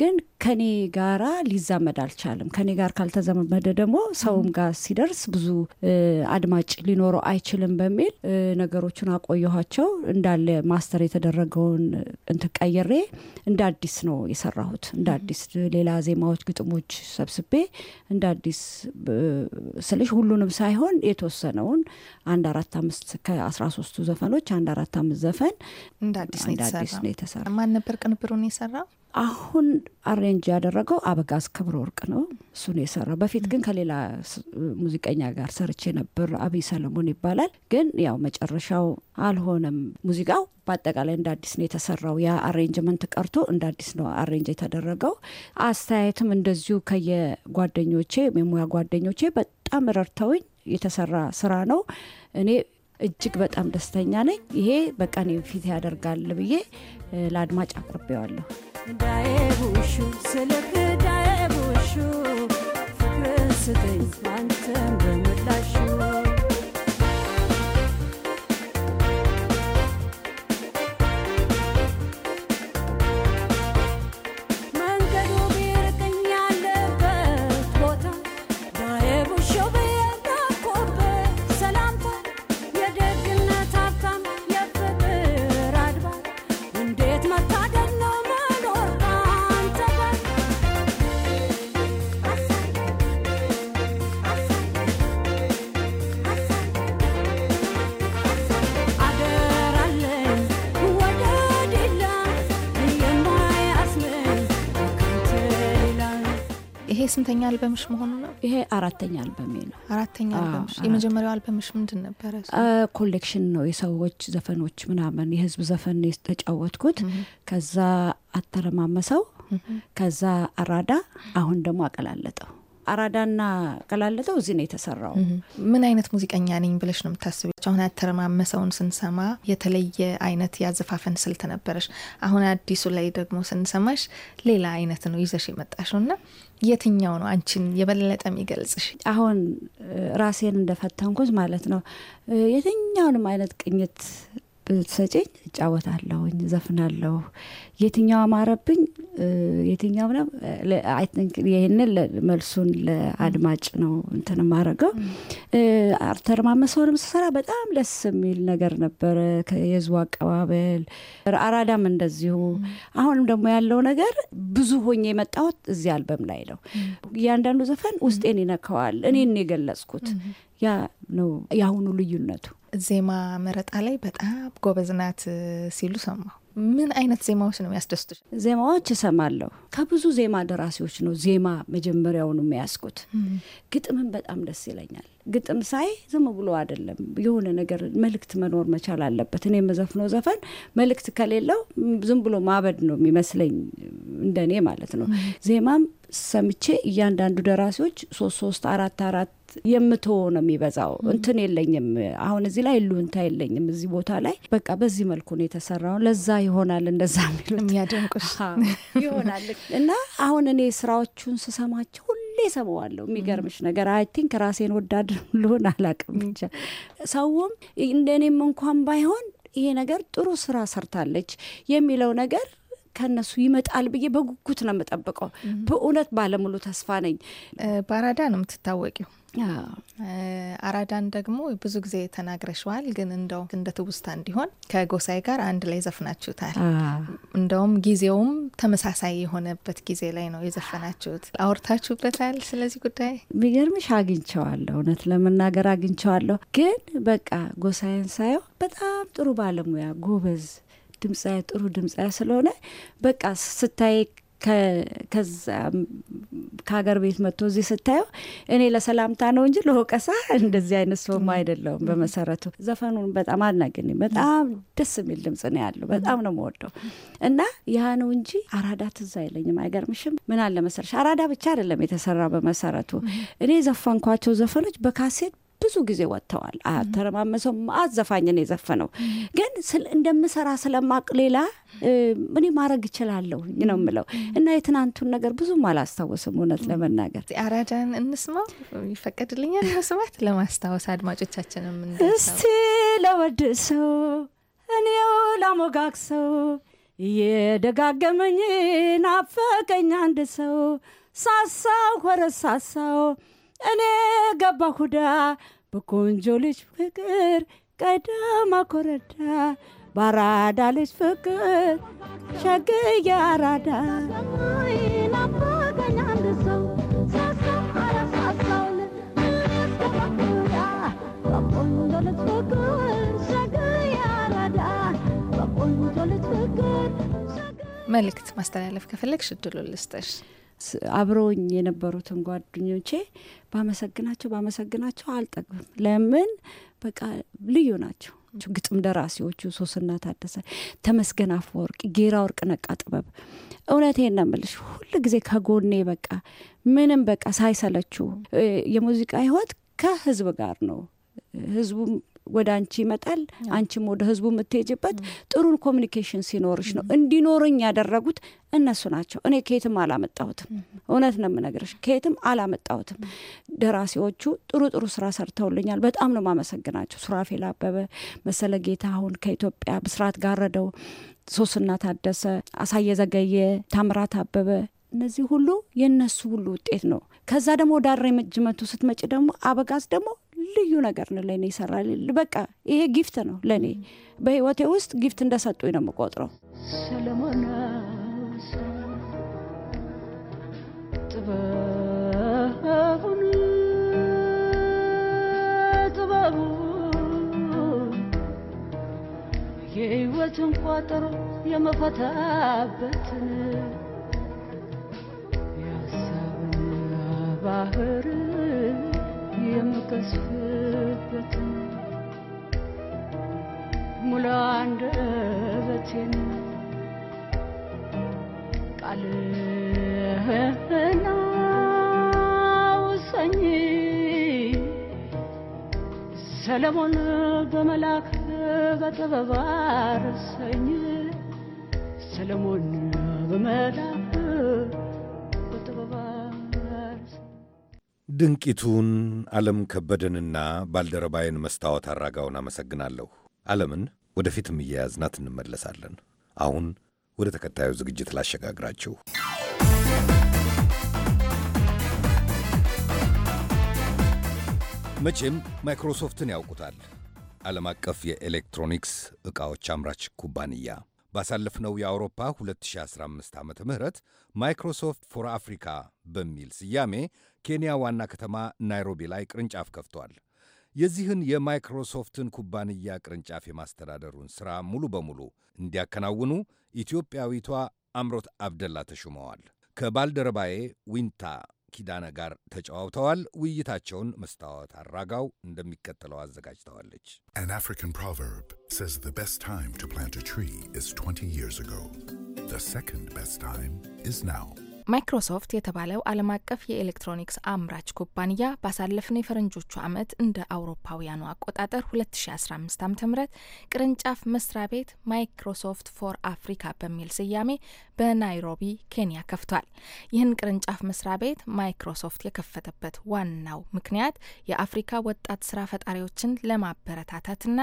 ግን ከኔ ጋራ ሊዛመድ አልቻለም። ከኔ ጋር ካልተዘመመደ ደግሞ ሰውም ጋር ሲደርስ ብዙ አድማጭ ሊኖረው አይችልም በሚል ነገሮቹን አቆየኋቸው። እንዳለ ማስተር የተደረገውን እንትን ቀይሬ እንደ አዲስ ነው የሰራሁት። እንደ አዲስ ሌላ ዜማዎች፣ ግጥሞች ሰብስቤ እንደ አዲስ ስልሽ ሁሉንም ሳይሆን የተወሰነውን አንድ አራት አምስት ከአስራ ሶስቱ ዘፈኖች አንድ አራት አምስት ዘፈን እንደ አዲስ ነው የተሰራ። ማን ነበር ቅንብሩን የሰራው? አሁን አሬንጅ ያደረገው አበጋዝ ክብረ ወርቅ ነው። እሱን የሰራው በፊት ግን ከሌላ ሙዚቀኛ ጋር ሰርቼ ነበር። አብይ ሰለሞን ይባላል። ግን ያው መጨረሻው አልሆነም። ሙዚቃው በአጠቃላይ እንደ አዲስ ነው የተሰራው። ያ አሬንጅመንት ቀርቶ እንደ አዲስ ነው አሬንጅ የተደረገው። አስተያየትም እንደዚሁ ከየጓደኞቼ የሙያ ጓደኞቼ በጣም ረድተውኝ የተሰራ ስራ ነው። እኔ እጅግ በጣም ደስተኛ ነኝ። ይሄ በቃ እኔ ፊት ያደርጋል ብዬ ለአድማጭ አቅርቤዋለሁ። ስልህ ዳዬ ቡሹ ፍቅርን ስጠኝ አንተን በምላሹ ስንተኛ አልበምሽ መሆኑ ነው? ይሄ አራተኛ አልበሜ ነው። አራተኛ አልበምሽ። የመጀመሪያው አልበምሽ ምንድን ነበረ? ኮሌክሽን ነው የሰዎች ዘፈኖች ምናምን፣ የህዝብ ዘፈን የተጫወትኩት። ከዛ አተረማመሰው፣ ከዛ አራዳ፣ አሁን ደግሞ አቀላለጠው አራዳና ቀላለጠው እዚህ ነው የተሰራው። ምን አይነት ሙዚቀኛ ነኝ ብለሽ ነው የምታስብ? አሁን ያተረማመሰውን ስንሰማ የተለየ አይነት ያዘፋፈን ስልት ነበረሽ። አሁን አዲሱ ላይ ደግሞ ስንሰማሽ ሌላ አይነት ነው ይዘሽ የመጣሽው እና የትኛው ነው አንቺን የበለጠ የሚገልጽሽ? አሁን ራሴን እንደፈተንኩት ማለት ነው የትኛውንም አይነት ቅኝት ብትሰጪኝ እጫወታለሁኝ፣ ዘፍናለሁ። የትኛው አማረብኝ የትኛው ይህንን መልሱን ለአድማጭ ነው እንትን ማረገው። አርተር ማመሰውንም ስሰራ በጣም ደስ የሚል ነገር ነበረ። የህዝቡ አቀባበል አራዳም እንደዚሁ። አሁንም ደግሞ ያለው ነገር ብዙ ሆኜ የመጣሁት እዚህ አልበም ላይ ነው። እያንዳንዱ ዘፈን ውስጤን ይነካዋል። እኔን የገለጽኩት ያ ነው የአሁኑ ልዩነቱ። ዜማ መረጣ ላይ በጣም ጎበዝ ናት ሲሉ ሰማሁ። ምን አይነት ዜማዎች ነው የሚያስደስቱ ዜማዎች እሰማለሁ። ከብዙ ዜማ ደራሲዎች ነው ዜማ መጀመሪያውኑ የሚያስኩት። ግጥምን በጣም ደስ ይለኛል። ግጥም ሳይ ዝም ብሎ አይደለም፣ የሆነ ነገር መልእክት መኖር መቻል አለበት። እኔ የምዘፍነው ዘፈን መልእክት ከሌለው ዝም ብሎ ማበድ ነው የሚመስለኝ፣ እንደኔ ማለት ነው። ዜማም ሰምቼ እያንዳንዱ ደራሲዎች ሶስት ሶስት አራት አራት የምትሆ ነው የሚበዛው። እንትን የለኝም አሁን እዚህ ላይ ሉንታ የለኝም እዚህ ቦታ ላይ በቃ በዚህ መልኩ ነው የተሰራው። ለዛ ይሆናል እንደዛ የሚሉት የሚያደንቁሽ ይሆናል እና አሁን እኔ ስራዎቹን ስሰማቸው ሁሌ ሰማዋለሁ። የሚገርምሽ ነገር አይ ቲንክ ራሴን ወዳድ ልሆን አላቅም። ብቻ ሰውም እንደኔም እንኳን ባይሆን ይሄ ነገር ጥሩ ስራ ሰርታለች የሚለው ነገር ከነሱ ይመጣል ብዬ በጉጉት ነው የምጠብቀው። በእውነት ባለሙሉ ተስፋ ነኝ። ባራዳ ነው የምትታወቂው አራዳን ደግሞ ብዙ ጊዜ ተናግረሽዋል፣ ግን እንደው እንደ ትውስታ እንዲሆን ከጎሳይ ጋር አንድ ላይ ዘፍናችሁታል። እንደውም ጊዜውም ተመሳሳይ የሆነበት ጊዜ ላይ ነው የዘፈናችሁት። አውርታችሁበታል ስለዚህ ጉዳይ? ቢገርምሽ አግኝቸዋለሁ፣ እውነት ለመናገር አግኝቸዋለሁ። ግን በቃ ጎሳይን ሳየው በጣም ጥሩ ባለሙያ ጎበዝ ድምፃዊ ጥሩ ድምፃዊ ስለሆነ በቃ ስታይ ከሀገር ቤት መጥቶ እዚህ ስታየው እኔ ለሰላምታ ነው እንጂ ለወቀሳ እንደዚህ አይነት ሰውም አይደለውም። በመሰረቱ ዘፈኑን በጣም አድናገኝ በጣም ደስ የሚል ድምጽ ነው ያለው። በጣም ነው መወደው እና ያ ነው እንጂ አራዳ ትዝ አይለኝም። አይገርምሽም? ምን አለ መሰለሽ አራዳ ብቻ አይደለም የተሰራ በመሰረቱ እኔ ዘፈንኳቸው ዘፈኖች በካሴት ብዙ ጊዜ ወጥተዋል። አተረማመሰው መዓት ዘፋኝ ነው የዘፈነው። ግን እንደምሰራ ስለማቅ ሌላ እኔ ማድረግ እችላለሁ ነው የምለው እና የትናንቱን ነገር ብዙም አላስታወስም እውነት ለመናገር። አራዳን እንስማ ይፈቀድልኛል መስማት ለማስታወስ አድማጮቻችንም እስቲ ለወድሰው እኔው ላሞጋግሰው የደጋገመኝ ናፈቀኝ አንድ ሰው ሳሳው ወረ ሳሳው እኔ ገባሁዳ በቆንጆ ልጅ ፍቅር ቀዳማ ኮረዳ ባራዳ ልጅ ፍቅር ሸግያ አራዳ መልእክት ማስተላለፍ ከፈለግሽ እድሉን ልስጥሽ። አብረውኝ የነበሩትን ጓደኞቼ ባመሰግናቸው ባመሰግናቸው አልጠግብም። ለምን በቃ ልዩ ናቸው። ግጥም ደራሲዎቹ ሶስና ታደሰ፣ ተመስገን አፈወርቅ፣ ጌራ ወርቅ ነቃ ጥበብ። እውነቴን ነው የምልሽ ሁል ጊዜ ከጎኔ በቃ ምንም በቃ ሳይሰለችው የሙዚቃ ህይወት ከህዝብ ጋር ነው። ህዝቡም ወደ አንቺ ይመጣል፣ አንቺም ወደ ህዝቡ የምትሄጅበት ጥሩን ኮሚኒኬሽን ሲኖርሽ ነው። እንዲኖርኝ ያደረጉት እነሱ ናቸው። እኔ ከየትም አላመጣሁትም። እውነት ነው የምነግርሽ፣ ከየትም አላመጣሁትም። ደራሲዎቹ ጥሩ ጥሩ ስራ ሰርተውልኛል። በጣም ነው ማመሰግናቸው። ሱራፌል አበበ፣ መሰለ ጌታ፣ አሁን ከኢትዮጵያ ብስራት ጋረደው፣ ሶስና ታደሰ፣ አሳየ ዘገየ፣ ታምራት አበበ እነዚህ ሁሉ የእነሱ ሁሉ ውጤት ነው። ከዛ ደግሞ ወደ መጅመቱ ስትመጪ ደግሞ አበጋዝ ደግሞ ልዩ ነገር ነው ለእኔ ይሰራል። በቃ ይሄ ጊፍት ነው ለእኔ በህይወቴ ውስጥ ጊፍት እንደሰጡኝ ነው የምቆጥረው። ጥበቡ የህይወትን ቋጠሮ የመፈታበትን የሀሳብን ባህርን የምቀስፍበት ሙላ አንደበቴን ቃልህን አውሰኝ ሰለሞን በመላክ በጥበብ አረሰኝ ሰለሞን በመላክ ድንቂቱን ዓለም ከበደንና ባልደረባዬን መስታወት አራጋውን አመሰግናለሁ። ዓለምን ወደፊትም እየያዝናት እንመለሳለን። አሁን ወደ ተከታዩ ዝግጅት ላሸጋግራችሁ። መቼም ማይክሮሶፍትን ያውቁታል። ዓለም አቀፍ የኤሌክትሮኒክስ ዕቃዎች አምራች ኩባንያ ባሳለፍነው የአውሮፓ 2015 ዓ ም ማይክሮሶፍት ፎር አፍሪካ በሚል ስያሜ ኬንያ ዋና ከተማ ናይሮቢ ላይ ቅርንጫፍ ከፍቷል። የዚህን የማይክሮሶፍትን ኩባንያ ቅርንጫፍ የማስተዳደሩን ሥራ ሙሉ በሙሉ እንዲያከናውኑ ኢትዮጵያዊቷ አምሮት አብደላ ተሹመዋል። ከባልደረባዬ ዊንታ ኪዳነ ጋር ተጨዋውተዋል። ውይይታቸውን መስታወት አራጋው እንደሚከተለው አዘጋጅተዋለች። An African proverb says the best time to plant a tree is 20 years ago. The second best time is now. ማይክሮሶፍት የተባለው ዓለም አቀፍ የኤሌክትሮኒክስ አምራች ኩባንያ ባሳለፍነው የፈረንጆቹ ዓመት እንደ አውሮፓውያኑ አቆጣጠር 2015 ዓ.ም ቅርንጫፍ መስሪያ ቤት ማይክሮሶፍት ፎር አፍሪካ በሚል ስያሜ በናይሮቢ ኬንያ ከፍቷል። ይህን ቅርንጫፍ መስሪያ ቤት ማይክሮሶፍት የከፈተበት ዋናው ምክንያት የአፍሪካ ወጣት ስራ ፈጣሪዎችን ለማበረታታትና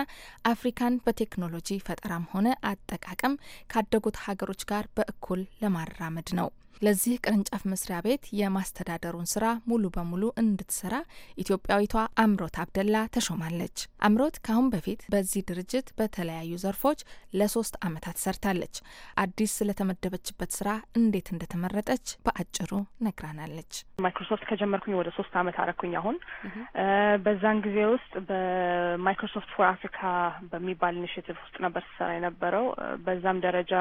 አፍሪካን በቴክኖሎጂ ፈጠራም ሆነ አጠቃቀም ካደጉት ሀገሮች ጋር በእኩል ለማራመድ ነው። ለዚህ ቅርንጫፍ መስሪያ ቤት የማስተዳደሩን ስራ ሙሉ በሙሉ እንድትሰራ ኢትዮጵያዊቷ አምሮት አብደላ ተሾማለች። አምሮት ከአሁን በፊት በዚህ ድርጅት በተለያዩ ዘርፎች ለሶስት አመታት ሰርታለች። አዲስ ስለተመደበችበት ስራ እንዴት እንደተመረጠች በአጭሩ ነግራናለች። ማይክሮሶፍት ከጀመርኩኝ ወደ ሶስት አመት አረኩኝ። አሁን በዛን ጊዜ ውስጥ በማይክሮሶፍት ፎር አፍሪካ በሚባል ኢኒሽቲቭ ውስጥ ነበር ስሰራ የነበረው። በዛም ደረጃ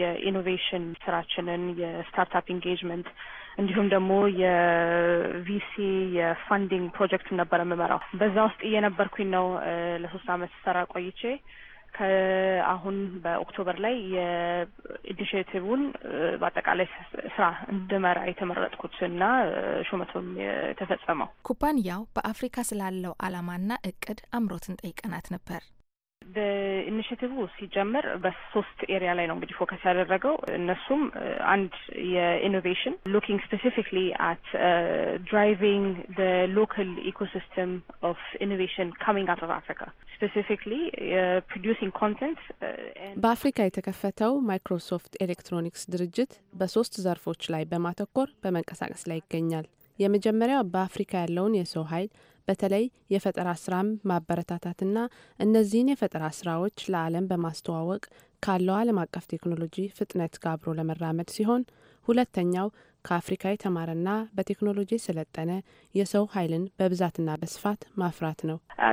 የኢኖቬሽን ስራችንን የስታርታፕ ኢንጌጅመንት እንዲሁም ደግሞ የቪሲ የፋንዲንግ ፕሮጀክት ነበረ የምመራው። በዛ ውስጥ እየነበርኩኝ ነው ለሶስት አመት ስሰራ ቆይቼ ከአሁን በኦክቶበር ላይ የኢኒሽቲቭን በአጠቃላይ ስራ እንድመራ የተመረጥኩት እና ሹመቱም የተፈጸመው። ኩባንያው በአፍሪካ ስላለው አላማና እቅድ አምሮትን ጠይቀናት ነበር። በኢኒሽቲቭ ሲጀምር በሶስት ኤሪያ ላይ ነው እንግዲህ ፎከስ ያደረገው። እነሱም አንድ የኢኖቬሽን ሉኪንግ ስፔሲፊክሊ አት ድራይቪንግ ሎካል ኢኮሲስተም ኦፍ ኢኖቬሽን ካሚንግ አውት ኦፍ አፍሪካ ስፔሲፊክሊ ፕሮዲሲንግ ኮንተንት በአፍሪካ የተከፈተው ማይክሮሶፍት ኤሌክትሮኒክስ ድርጅት በሶስት ዘርፎች ላይ በማተኮር በመንቀሳቀስ ላይ ይገኛል። የመጀመሪያው በአፍሪካ ያለውን የሰው ኃይል በተለይ የፈጠራ ስራም ማበረታታትና እነዚህን የፈጠራ ስራዎች ለዓለም በማስተዋወቅ ካለው ዓለም አቀፍ ቴክኖሎጂ ፍጥነት ጋር አብሮ ለመራመድ ሲሆን፣ ሁለተኛው ከአፍሪካ የተማረና በቴክኖሎጂ የሰለጠነ የሰው ኃይልን በብዛትና በስፋት ማፍራት ነው። uh,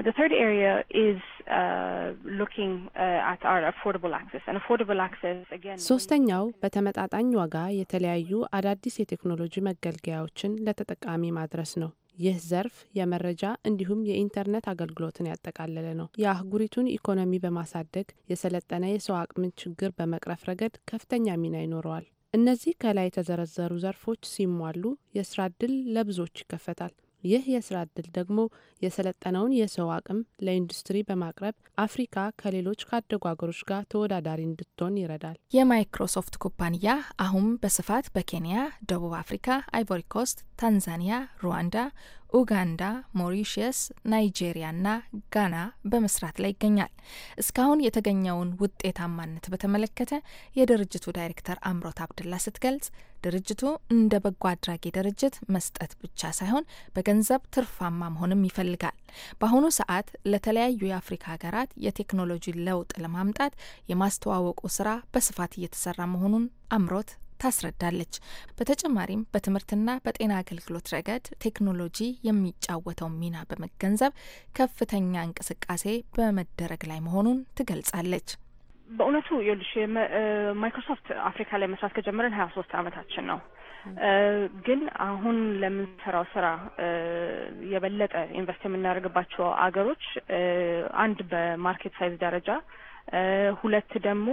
uh, uh, ሶስተኛው በተመጣጣኝ ዋጋ የተለያዩ አዳዲስ የቴክኖሎጂ መገልገያዎችን ለተጠቃሚ ማድረስ ነው። ይህ ዘርፍ የመረጃ እንዲሁም የኢንተርኔት አገልግሎትን ያጠቃለለ ነው። የአህጉሪቱን ኢኮኖሚ በማሳደግ የሰለጠነ የሰው አቅምን ችግር በመቅረፍ ረገድ ከፍተኛ ሚና ይኖረዋል። እነዚህ ከላይ የተዘረዘሩ ዘርፎች ሲሟሉ የስራ እድል ለብዙዎች ይከፈታል። ይህ የስራ እድል ደግሞ የሰለጠነውን የሰው አቅም ለኢንዱስትሪ በማቅረብ አፍሪካ ከሌሎች ካደጉ አገሮች ጋር ተወዳዳሪ እንድትሆን ይረዳል። የማይክሮሶፍት ኩባንያ አሁን በስፋት በኬንያ፣ ደቡብ አፍሪካ፣ አይቮሪኮስት፣ ኮስት፣ ታንዛኒያ፣ ሩዋንዳ፣ ኡጋንዳ፣ ናይጄሪያ ና ጋና በመስራት ላይ ይገኛል። እስካሁን የተገኘውን ውጤታማነት በተመለከተ የድርጅቱ ዳይሬክተር አምሮት አብድላ ስትገልጽ ድርጅቱ እንደ በጎ አድራጊ ድርጅት መስጠት ብቻ ሳይሆን በገንዘብ ትርፋማ መሆንም ይፈልጋል። በአሁኑ ሰዓት ለተለያዩ የአፍሪካ ሀገራት የቴክኖሎጂ ለውጥ ለማምጣት የማስተዋወቁ ስራ በስፋት እየተሰራ መሆኑን አምሮት ታስረዳለች። በተጨማሪም በትምህርትና በጤና አገልግሎት ረገድ ቴክኖሎጂ የሚጫወተው ሚና በመገንዘብ ከፍተኛ እንቅስቃሴ በመደረግ ላይ መሆኑን ትገልጻለች። በእውነቱ ይኸውልሽ ማይክሮሶፍት አፍሪካ ላይ መስራት ከጀመረን ሀያ ሶስት አመታችን ነው። ግን አሁን ለምንሰራው ስራ የበለጠ ኢንቨስት የምናደርግባቸው አገሮች አንድ በማርኬት ሳይዝ ደረጃ ሁለት ደግሞ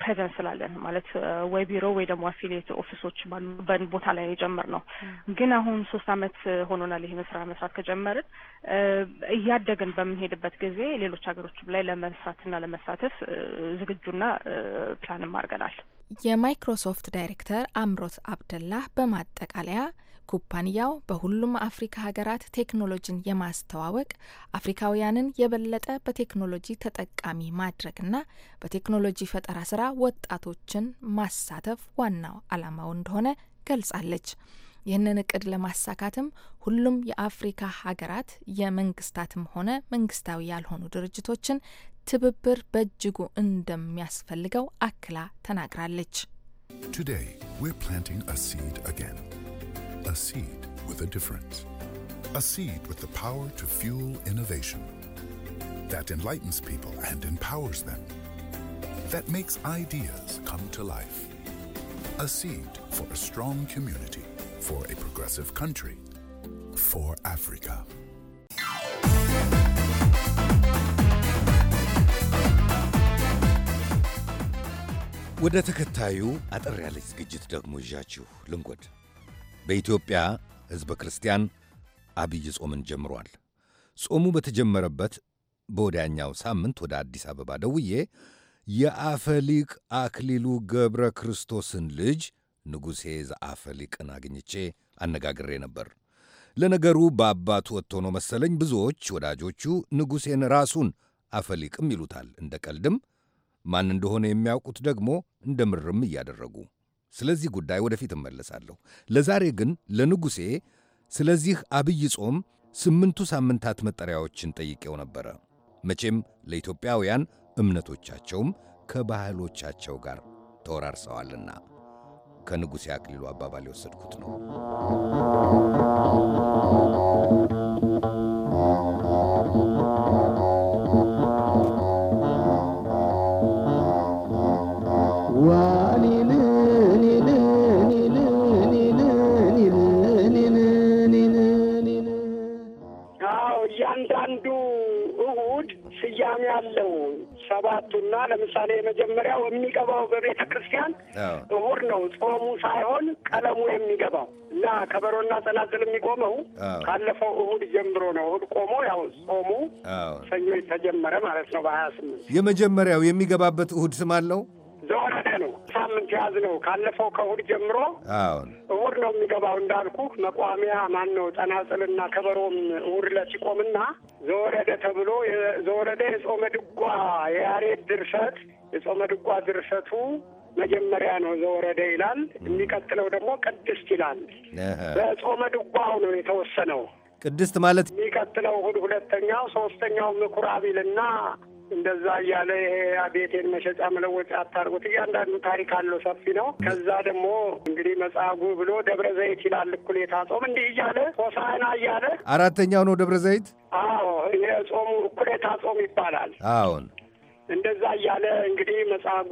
ፕሬዘንስ ስላለን ማለት ወይ ቢሮ ወይ ደግሞ አፊሊየት ኦፊሶች ባሉበን ቦታ ላይ የጀመር ነው። ግን አሁን ሶስት አመት ሆኖናል ይህን ስራ መስራት ከጀመርን። እያደግን በምንሄድበት ጊዜ ሌሎች ሀገሮች ላይ ለመስራትና ለመሳተፍ ዝግጁና ፕላንም አድርገናል። የማይክሮሶፍት ዳይሬክተር አምሮት አብደላህ በማጠቃለያ ኩባንያው በሁሉም አፍሪካ ሀገራት ቴክኖሎጂን የማስተዋወቅ አፍሪካውያንን የበለጠ በቴክኖሎጂ ተጠቃሚ ማድረግና በቴክኖሎጂ ፈጠራ ስራ ወጣቶችን ማሳተፍ ዋናው ዓላማው እንደሆነ ገልጻለች። ይህንን እቅድ ለማሳካትም ሁሉም የአፍሪካ ሀገራት የመንግስታትም ሆነ መንግስታዊ ያልሆኑ ድርጅቶችን ትብብር በእጅጉ እንደሚያስፈልገው አክላ ተናግራለች። Today, we're planting a seed again. A seed with a difference. A seed with the power to fuel innovation. That enlightens people and empowers them. That makes ideas come to life. A seed for a strong community, for a progressive country, for Africa. ወደ ተከታዩ አጠር ያለች ዝግጅት ደግሞ ይዣችሁ ልንጎድ። በኢትዮጵያ ሕዝበ ክርስቲያን አብይ ጾምን ጀምሯል። ጾሙ በተጀመረበት በወዲያኛው ሳምንት ወደ አዲስ አበባ ደውዬ የአፈሊቅ አክሊሉ ገብረ ክርስቶስን ልጅ ንጉሴ ዘአፈሊቅን አግኝቼ አነጋግሬ ነበር። ለነገሩ በአባቱ ወጥቶ ነው መሰለኝ ብዙዎች ወዳጆቹ ንጉሴን ራሱን አፈሊቅም ይሉታል። እንደ ቀልድም ማን እንደሆነ የሚያውቁት ደግሞ እንደ ምርም እያደረጉ ስለዚህ ጉዳይ ወደፊት እመለሳለሁ። ለዛሬ ግን ለንጉሴ ስለዚህ አብይ ጾም ስምንቱ ሳምንታት መጠሪያዎችን ጠይቄው ነበረ። መቼም ለኢትዮጵያውያን እምነቶቻቸውም ከባህሎቻቸው ጋር ተወራርሰዋልና ከንጉሴ አክሊሉ አባባል የወሰድኩት ነው። አለው ሰባቱና ለምሳሌ የመጀመሪያው የሚገባው በቤተ ክርስቲያን እሁድ ነው። ጾሙ ሳይሆን ቀለሙ የሚገባው እና ከበሮና ጸናጽል የሚቆመው ካለፈው እሁድ ጀምሮ ነው። እሁድ ቆሞ ያው ጾሙ ሰኞ ተጀመረ ማለት ነው። በሀያ ስምንት የመጀመሪያው የሚገባበት እሁድ ስም አለው። ለሆነ ነው ሳምንት ያዝ ነው ካለፈው ከእሁድ ጀምሮ አሁን እሁድ ነው የሚገባው እንዳልኩ መቋሚያ ማን ነው ጠናጽልና ከበሮም እሁድ ዕለት ዘወረደ ተብሎ ዘወረደ የጾመ ድጓ የያሬድ ድርሰት የጾመ ድጓ ድርሰቱ መጀመሪያ ነው ዘወረደ ይላል። የሚቀጥለው ደግሞ ቅድስት ይላል። በጾመ ድጓው ነው የተወሰነው ቅድስት ማለት የሚቀጥለው እሁድ ሁለተኛው ሶስተኛው ምኩራብ ይልና እንደዛ እያለ ይሄ ቤቴን መሸጫ መለወጫ አታርጉት። እያንዳንዱ ታሪክ አለው፣ ሰፊ ነው። ከዛ ደግሞ እንግዲህ መጻጉዕ ብሎ ደብረ ዘይት ይላል፣ እኩሌታ ጾም እንዲህ እያለ ሆሳዕና እያለ አራተኛው ነው ደብረ ዘይት። አዎ የጾሙ እኩሌታ ጾም ይባላል። አዎን እንደዛ እያለ እንግዲህ መጻጉ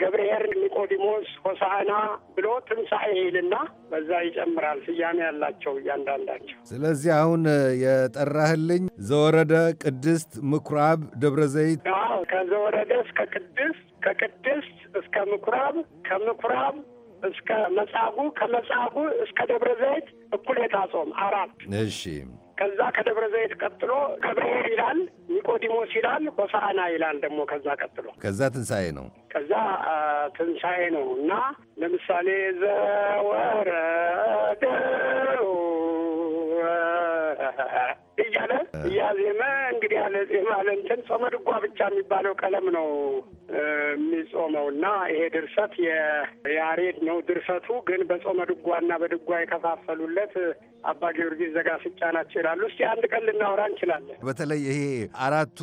ገብርኄር፣ ኒቆዲሞስ፣ ሆሳዕና ብሎ ትንሣኤ ይልና በዛ ይጨምራል ስያሜ ያላቸው እያንዳንዳቸው። ስለዚህ አሁን የጠራህልኝ ዘወረደ፣ ቅድስት፣ ምኩራብ፣ ደብረ ዘይት ከዘወረደ እስከ ቅድስት ከቅድስት እስከ ምኩራብ ከምኩራብ እስከ መጻጉ ከመጻጉ እስከ ደብረ ዘይት እኩሌታ ጾም አራት። እሺ ከዛ ከደብረ ዘይት ቀጥሎ ከብሔር ይላል፣ ኒቆዲሞስ ይላል፣ ሆሳና ይላል። ደግሞ ከዛ ቀጥሎ ከዛ ትንሣኤ ነው፣ ከዛ ትንሣኤ ነው እና ለምሳሌ ዘወረደው እያለ እያዜመ እንግዲህ ያለ ዜማ ለእንትን ጾመ ድጓ ብቻ የሚባለው ቀለም ነው የሚጾመው እና ይሄ ድርሰት የያሬድ ነው። ድርሰቱ ግን በጾመ ድጓና በድጓ የከፋፈሉለት አባ ጊዮርጊስ ዘጋስጫ ናቸው ይላሉ። እስቲ አንድ ቀን ልናወራ እንችላለን። በተለይ ይሄ አራቱ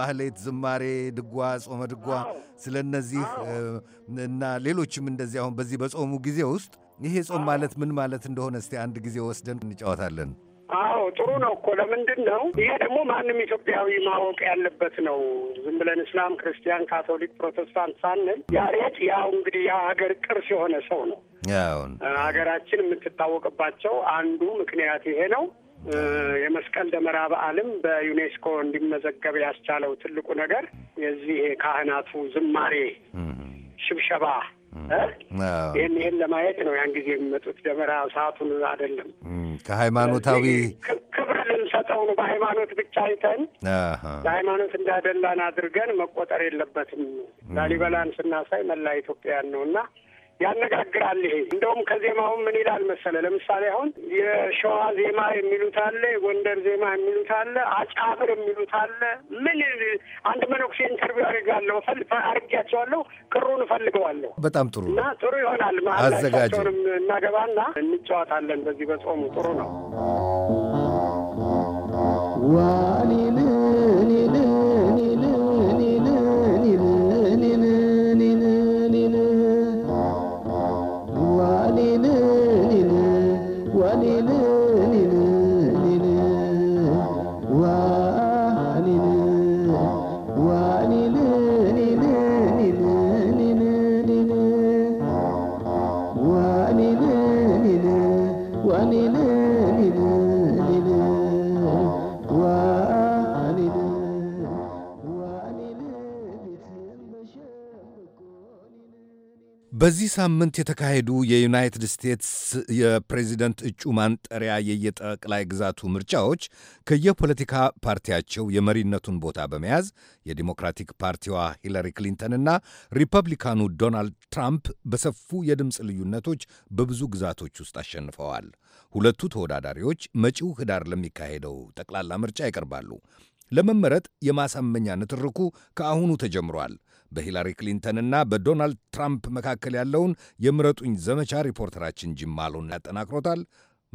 ማህሌት፣ ዝማሬ፣ ድጓ፣ ጾመ ድጓ ስለ እነዚህ እና ሌሎችም እንደዚህ አሁን በዚህ በጾሙ ጊዜ ውስጥ ይሄ ጾም ማለት ምን ማለት እንደሆነ እስቲ አንድ ጊዜ ወስደን እንጫወታለን። አዎ ጥሩ ነው እኮ ለምንድን ነው ይሄ ደግሞ ማንም ኢትዮጵያዊ ማወቅ ያለበት ነው። ዝም ብለን እስላም፣ ክርስቲያን፣ ካቶሊክ፣ ፕሮቴስታንት ሳንል ያሬድ ያው እንግዲህ የሀገር ቅርስ የሆነ ሰው ነው። ሀገራችን የምትታወቅባቸው አንዱ ምክንያት ይሄ ነው። የመስቀል ደመራ በዓልም በዩኔስኮ እንዲመዘገብ ያስቻለው ትልቁ ነገር የዚህ ካህናቱ ዝማሬ ሽብሸባ ይህን ይህን ለማየት ነው ያን ጊዜ የሚመጡት። ደመራ ሰዓቱን አይደለም ከሃይማኖታዊ ክብር ልንሰጠው ነው። በሃይማኖት ብቻ አይተን ለሃይማኖት እንዳደላን አድርገን መቆጠር የለበትም። ላሊበላን ስናሳይ መላ ኢትዮጵያን ነው እና ያነጋግራል። ይሄ እንደውም ከዜማውን ምን ይላል መሰለ፣ ለምሳሌ አሁን የሸዋ ዜማ የሚሉት አለ፣ የጎንደር ዜማ የሚሉት አለ፣ አጫብር የሚሉት አለ። ምን አንድ መነኩሴ ኢንተርቪው አድርጋለሁ አድርጊያቸዋለሁ፣ ክሩን እፈልገዋለሁ። በጣም ጥሩ እና ጥሩ ይሆናል። አዘጋጅም እናገባና እንጫወታለን። በዚህ በጾሙ ጥሩ ነው። ሳምንት የተካሄዱ የዩናይትድ ስቴትስ የፕሬዚደንት እጩ ማንጠሪያ የየጠቅላይ ግዛቱ ምርጫዎች ከየፖለቲካ ፓርቲያቸው የመሪነቱን ቦታ በመያዝ የዲሞክራቲክ ፓርቲዋ ሂለሪ ክሊንተንና ሪፐብሊካኑ ዶናልድ ትራምፕ በሰፉ የድምፅ ልዩነቶች በብዙ ግዛቶች ውስጥ አሸንፈዋል። ሁለቱ ተወዳዳሪዎች መጪው ህዳር ለሚካሄደው ጠቅላላ ምርጫ ይቀርባሉ። ለመመረጥ የማሳመኛ ንትርኩ ከአሁኑ ተጀምሯል። በሂላሪ ክሊንተንና በዶናልድ ትራምፕ መካከል ያለውን የምረጡኝ ዘመቻ ሪፖርተራችን ጅማሉን ያጠናክሮታል።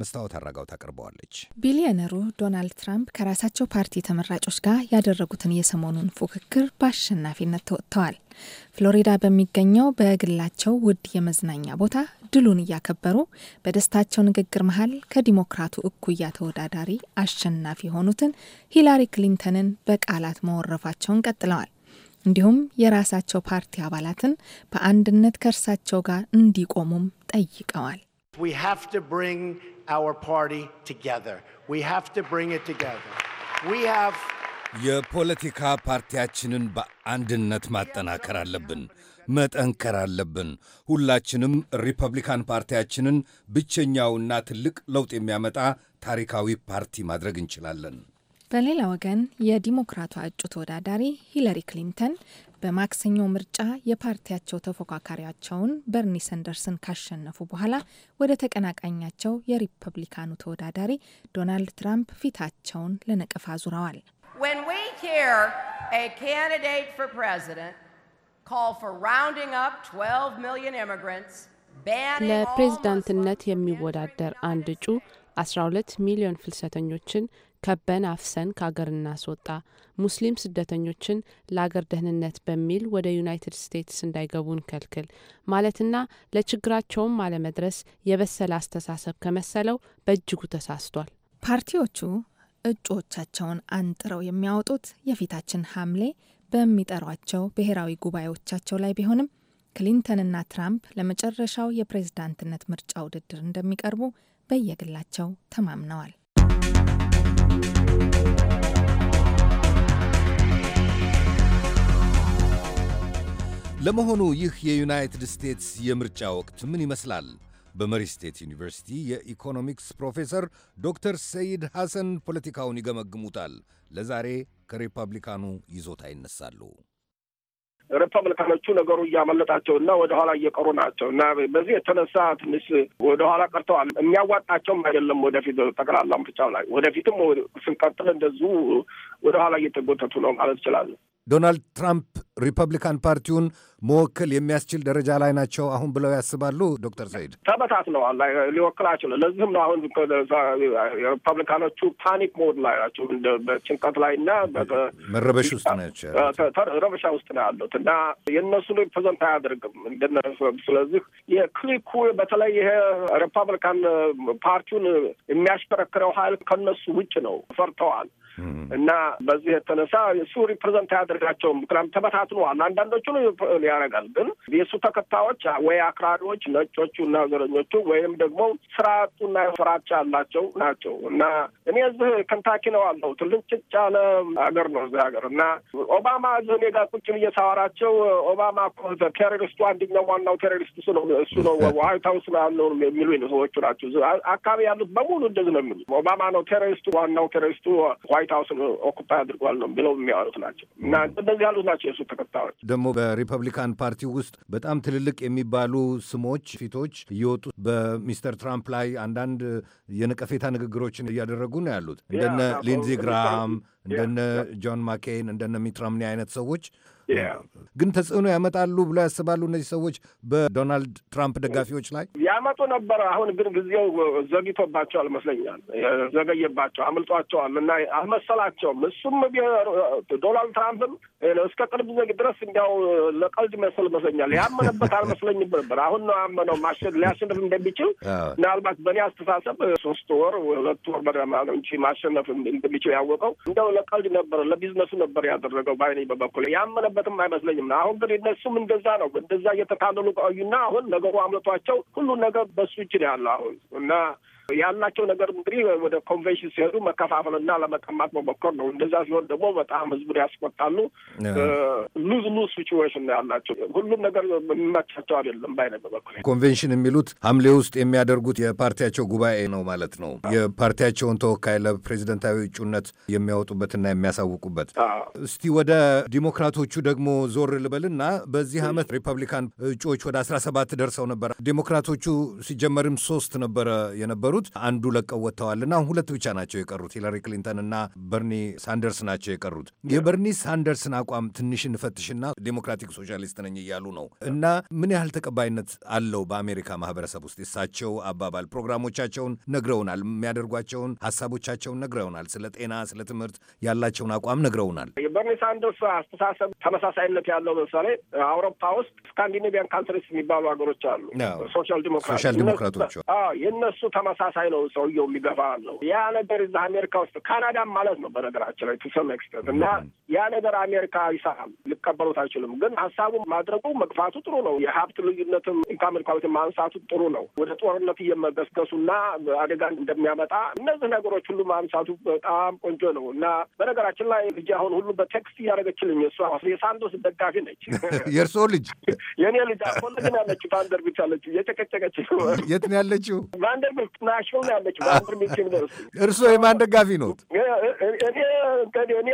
መስታወት አረጋው ታቀርበዋለች። ቢሊዮነሩ ዶናልድ ትራምፕ ከራሳቸው ፓርቲ ተመራጮች ጋር ያደረጉትን የሰሞኑን ፉክክር በአሸናፊነት ተወጥተዋል። ፍሎሪዳ በሚገኘው በግላቸው ውድ የመዝናኛ ቦታ ድሉን እያከበሩ በደስታቸው ንግግር መሀል ከዲሞክራቱ እኩያ ተወዳዳሪ አሸናፊ የሆኑትን ሂላሪ ክሊንተንን በቃላት መወረፋቸውን ቀጥለዋል። እንዲሁም የራሳቸው ፓርቲ አባላትን በአንድነት ከእርሳቸው ጋር እንዲቆሙም ጠይቀዋል። የፖለቲካ ፓርቲያችንን በአንድነት ማጠናከር አለብን፣ መጠንከር አለብን። ሁላችንም ሪፐብሊካን ፓርቲያችንን ብቸኛውና ትልቅ ለውጥ የሚያመጣ ታሪካዊ ፓርቲ ማድረግ እንችላለን። በሌላ ወገን የዲሞክራቷ እጩ ተወዳዳሪ ሂለሪ ክሊንተን በማክሰኞ ምርጫ የፓርቲያቸው ተፎካካሪያቸውን በርኒ ሰንደርስን ካሸነፉ በኋላ ወደ ተቀናቃኛቸው የሪፐብሊካኑ ተወዳዳሪ ዶናልድ ትራምፕ ፊታቸውን ለነቀፋ አዙረዋል። ለፕሬዝዳንትነት የሚወዳደር አንድ እጩ 12 ሚሊዮን ፍልሰተኞችን ከበን አፍሰን ከአገር እናስወጣ። ሙስሊም ስደተኞችን ለአገር ደህንነት በሚል ወደ ዩናይትድ ስቴትስ እንዳይገቡ እንከልክል ማለትና ለችግራቸውም አለመድረስ የበሰለ አስተሳሰብ ከመሰለው በእጅጉ ተሳስቷል። ፓርቲዎቹ እጩዎቻቸውን አንጥረው የሚያወጡት የፊታችን ሐምሌ በሚጠሯቸው ብሔራዊ ጉባኤዎቻቸው ላይ ቢሆንም ክሊንተንና ትራምፕ ለመጨረሻው የፕሬዝዳንትነት ምርጫ ውድድር እንደሚቀርቡ በየግላቸው ተማምነዋል። ለመሆኑ ይህ የዩናይትድ ስቴትስ የምርጫ ወቅት ምን ይመስላል? በመሪ ስቴት ዩኒቨርሲቲ የኢኮኖሚክስ ፕሮፌሰር ዶክተር ሰይድ ሐሰን ፖለቲካውን ይገመግሙታል። ለዛሬ ከሪፐብሊካኑ ይዞታ ይነሳሉ። ሪፐብሊካኖቹ ነገሩ እያመለጣቸው እና ወደኋላ እየቀሩ ናቸው እና በዚህ የተነሳ ትንሽ ወደኋላ ቀርተዋል። የሚያዋጣቸውም አይደለም ወደፊት ጠቅላላ ምርጫው ላይ ወደፊትም ስንቀጥል እንደዚሁ ወደኋላ እየተጎተቱ ነው ማለት ይችላሉ። ዶናልድ ትራምፕ ሪፐብሊካን ፓርቲውን መወከል የሚያስችል ደረጃ ላይ ናቸው አሁን ብለው ያስባሉ? ዶክተር ሰይድ ተበታትነዋል፣ ሊወክል ነው። ለዚህም ነው አሁን ሪፐብሊካኖቹ ፓኒክ ሞድ ላይ ናቸው፣ በጭንቀት ላይ እና መረበሽ ውስጥ ናቸው፣ ረበሻ ውስጥ ነው ያሉት እና የእነሱ ሪፕሬዘንት አያደርግም። ስለዚህ የክሊኩ በተለይ ይሄ ሪፐብሊካን ፓርቲውን የሚያሽከረክረው ኃይል ከነሱ ውጭ ነው፣ ፈርተዋል እና በዚህ የተነሳ እሱ ሪፕሬዘንት አያደርጋቸውም ምክንያቱም ተከታትሏል። አንዳንዶቹን ያደርጋል። ግን የእሱ ተከታዮች ወይ አክራሪዎች ነጮቹ እና ዘረኞቹ ወይም ደግሞ ስርአቱና ፍራቻ ያላቸው ናቸው እና እኔ እዚህ ከንታኪ ነው አለው ትልንጭጭ ያለ ሀገር ነው እዚህ ሀገር እና ኦባማ እዚህ እኔ ጋር ቁጭ ብዬ ሳወራቸው ኦባማ ቴሮሪስቱ አንድኛው ዋናው ቴሮሪስት እሱ ነው እሱ ነው ዋይት ሀውስ ነው ያለው የሚሉ ሰዎቹ ናቸው። አካባቢ ያሉት በሙሉ እንደዚህ ነው የሚሉ ኦባማ ነው ቴሮሪስቱ ዋናው ቴሮሪስቱ ዋይት ሀውስ ኦኩፓይ አድርጓል ነው ብለው የሚያወሩት ናቸው እና እንደዚህ ያሉት ናቸው የሱ ተከታዮች ደግሞ በሪፐብሊካን ፓርቲ ውስጥ በጣም ትልልቅ የሚባሉ ስሞች፣ ፊቶች እየወጡ በሚስተር ትራምፕ ላይ አንዳንድ የነቀፌታ ንግግሮችን እያደረጉ ነው ያሉት እንደነ ሊንዚ ግራሃም፣ እንደነ ጆን ማኬን፣ እንደነ ሚትራምኒ አይነት ሰዎች ግን ተጽዕኖ ያመጣሉ ብሎ ያስባሉ እነዚህ ሰዎች በዶናልድ ትራምፕ ደጋፊዎች ላይ ያመጡ ነበረ። አሁን ግን ጊዜው ዘግይቶባቸዋል ይመስለኛል። ዘገየባቸው፣ አምልጧቸዋል እና አልመሰላቸውም። እሱም ዶናልድ ትራምፕም እስከ ቅርብ ዘግ ድረስ እንዲያው ለቀልድ መስል መስለኛል፣ ያመነበት አልመስለኝም ነበር። አሁን ነው ያመነው ሊያሸንፍ እንደሚችል ምናልባት በእኔ አስተሳሰብ ሶስት ወር ሁለት ወር በደማ ነው እንጂ ማሸነፍ እንደሚችል ያወቀው እንደው ለቀልድ ነበር፣ ለቢዝነሱ ነበር ያደረገው። ባይኔ በበኩል ያመነበት ያለበትም አይመስለኝም ነው። አሁን ግን እነሱም እንደዛ ነው። እንደዛ እየተታለሉ ቆዩና አሁን ነገሩ አምለቷቸው ሁሉ ነገር በሱ እጅ ነው ያለው አሁን እና ያላቸው ነገር እንግዲህ ወደ ኮንቬንሽን ሲሄዱ መከፋፈልና ለመቀማት መሞከር ነው። እንደዛ ሲሆን ደግሞ በጣም ህዝቡን ያስቆጣሉ። ሉዝ ሉዝ ሲችዌሽን ነው ያላቸው። ሁሉም ነገር የሚመቻቸው አይደለም ባይነ በበኩል ኮንቬንሽን የሚሉት ሐምሌ ውስጥ የሚያደርጉት የፓርቲያቸው ጉባኤ ነው ማለት ነው። የፓርቲያቸውን ተወካይ ለፕሬዚደንታዊ እጩነት የሚያወጡበትና የሚያሳውቁበት። እስቲ ወደ ዲሞክራቶቹ ደግሞ ዞር ልበልና በዚህ ዓመት ሪፐብሊካን እጩዎች ወደ አስራ ሰባት ደርሰው ነበር። ዲሞክራቶቹ ሲጀመርም ሶስት ነበረ የነበሩ የነበሩት አንዱ ለቀው ወጥተዋልና ሁለት ብቻ ናቸው የቀሩት ሂላሪ ክሊንተን እና በርኒ ሳንደርስ ናቸው የቀሩት። የበርኒ ሳንደርስን አቋም ትንሽ እንፈትሽና ዴሞክራቲክ ሶሻሊስት ነኝ እያሉ ነው እና ምን ያህል ተቀባይነት አለው በአሜሪካ ማህበረሰብ ውስጥ እሳቸው አባባል? ፕሮግራሞቻቸውን ነግረውናል፣ የሚያደርጓቸውን ሀሳቦቻቸውን ነግረውናል፣ ስለ ጤና፣ ስለ ትምህርት ያላቸውን አቋም ነግረውናል። የበርኒ ሳንደርስ አስተሳሰብ ተመሳሳይነት ያለው ለምሳሌ አውሮፓ ውስጥ ስካንዲኔቪያን ካንትሪስ የሚባሉ ሀገሮች አሉ ሶሻል ዲሞክራቶች የነሱ ተመሳ ተመሳሳይ ነው ሰውየው የሚገባ ነው። ያ ነገር እዛ አሜሪካ ውስጥ ካናዳም ማለት ነው በነገራችን ላይ ቱሰም ኤክስፐርት እና ያ ነገር አሜሪካ ይሰራል፣ ሊቀበሉት አይችሉም። ግን ሀሳቡ ማድረጉ መግፋቱ ጥሩ ነው። የሀብት ልዩነትም ኢንካም ልኳቤትን ማንሳቱ ጥሩ ነው። ወደ ጦርነት እየመገስገሱ እየመገስገሱና አደጋ እንደሚያመጣ እነዚህ ነገሮች ሁሉ ማንሳቱ በጣም ቆንጆ ነው እና በነገራችን ላይ ልጅ አሁን ሁሉ በቴክስት እያደረገችልኝ እሷ የሳንቶስ ደጋፊ ነች። <laughs> የእርስዎ ልጅ የእኔ ልጅ አሁን ግን ያለችው ቫንደርቢልት ያለችው የጨቀጨቀች የት ነው ያለችው ቫንደርቢልት እና ነው ያለች በአምር ምንጭ ዩኒቨርሲቲ። እርስዎ የማን ደጋፊ ነው? እኔ እኔ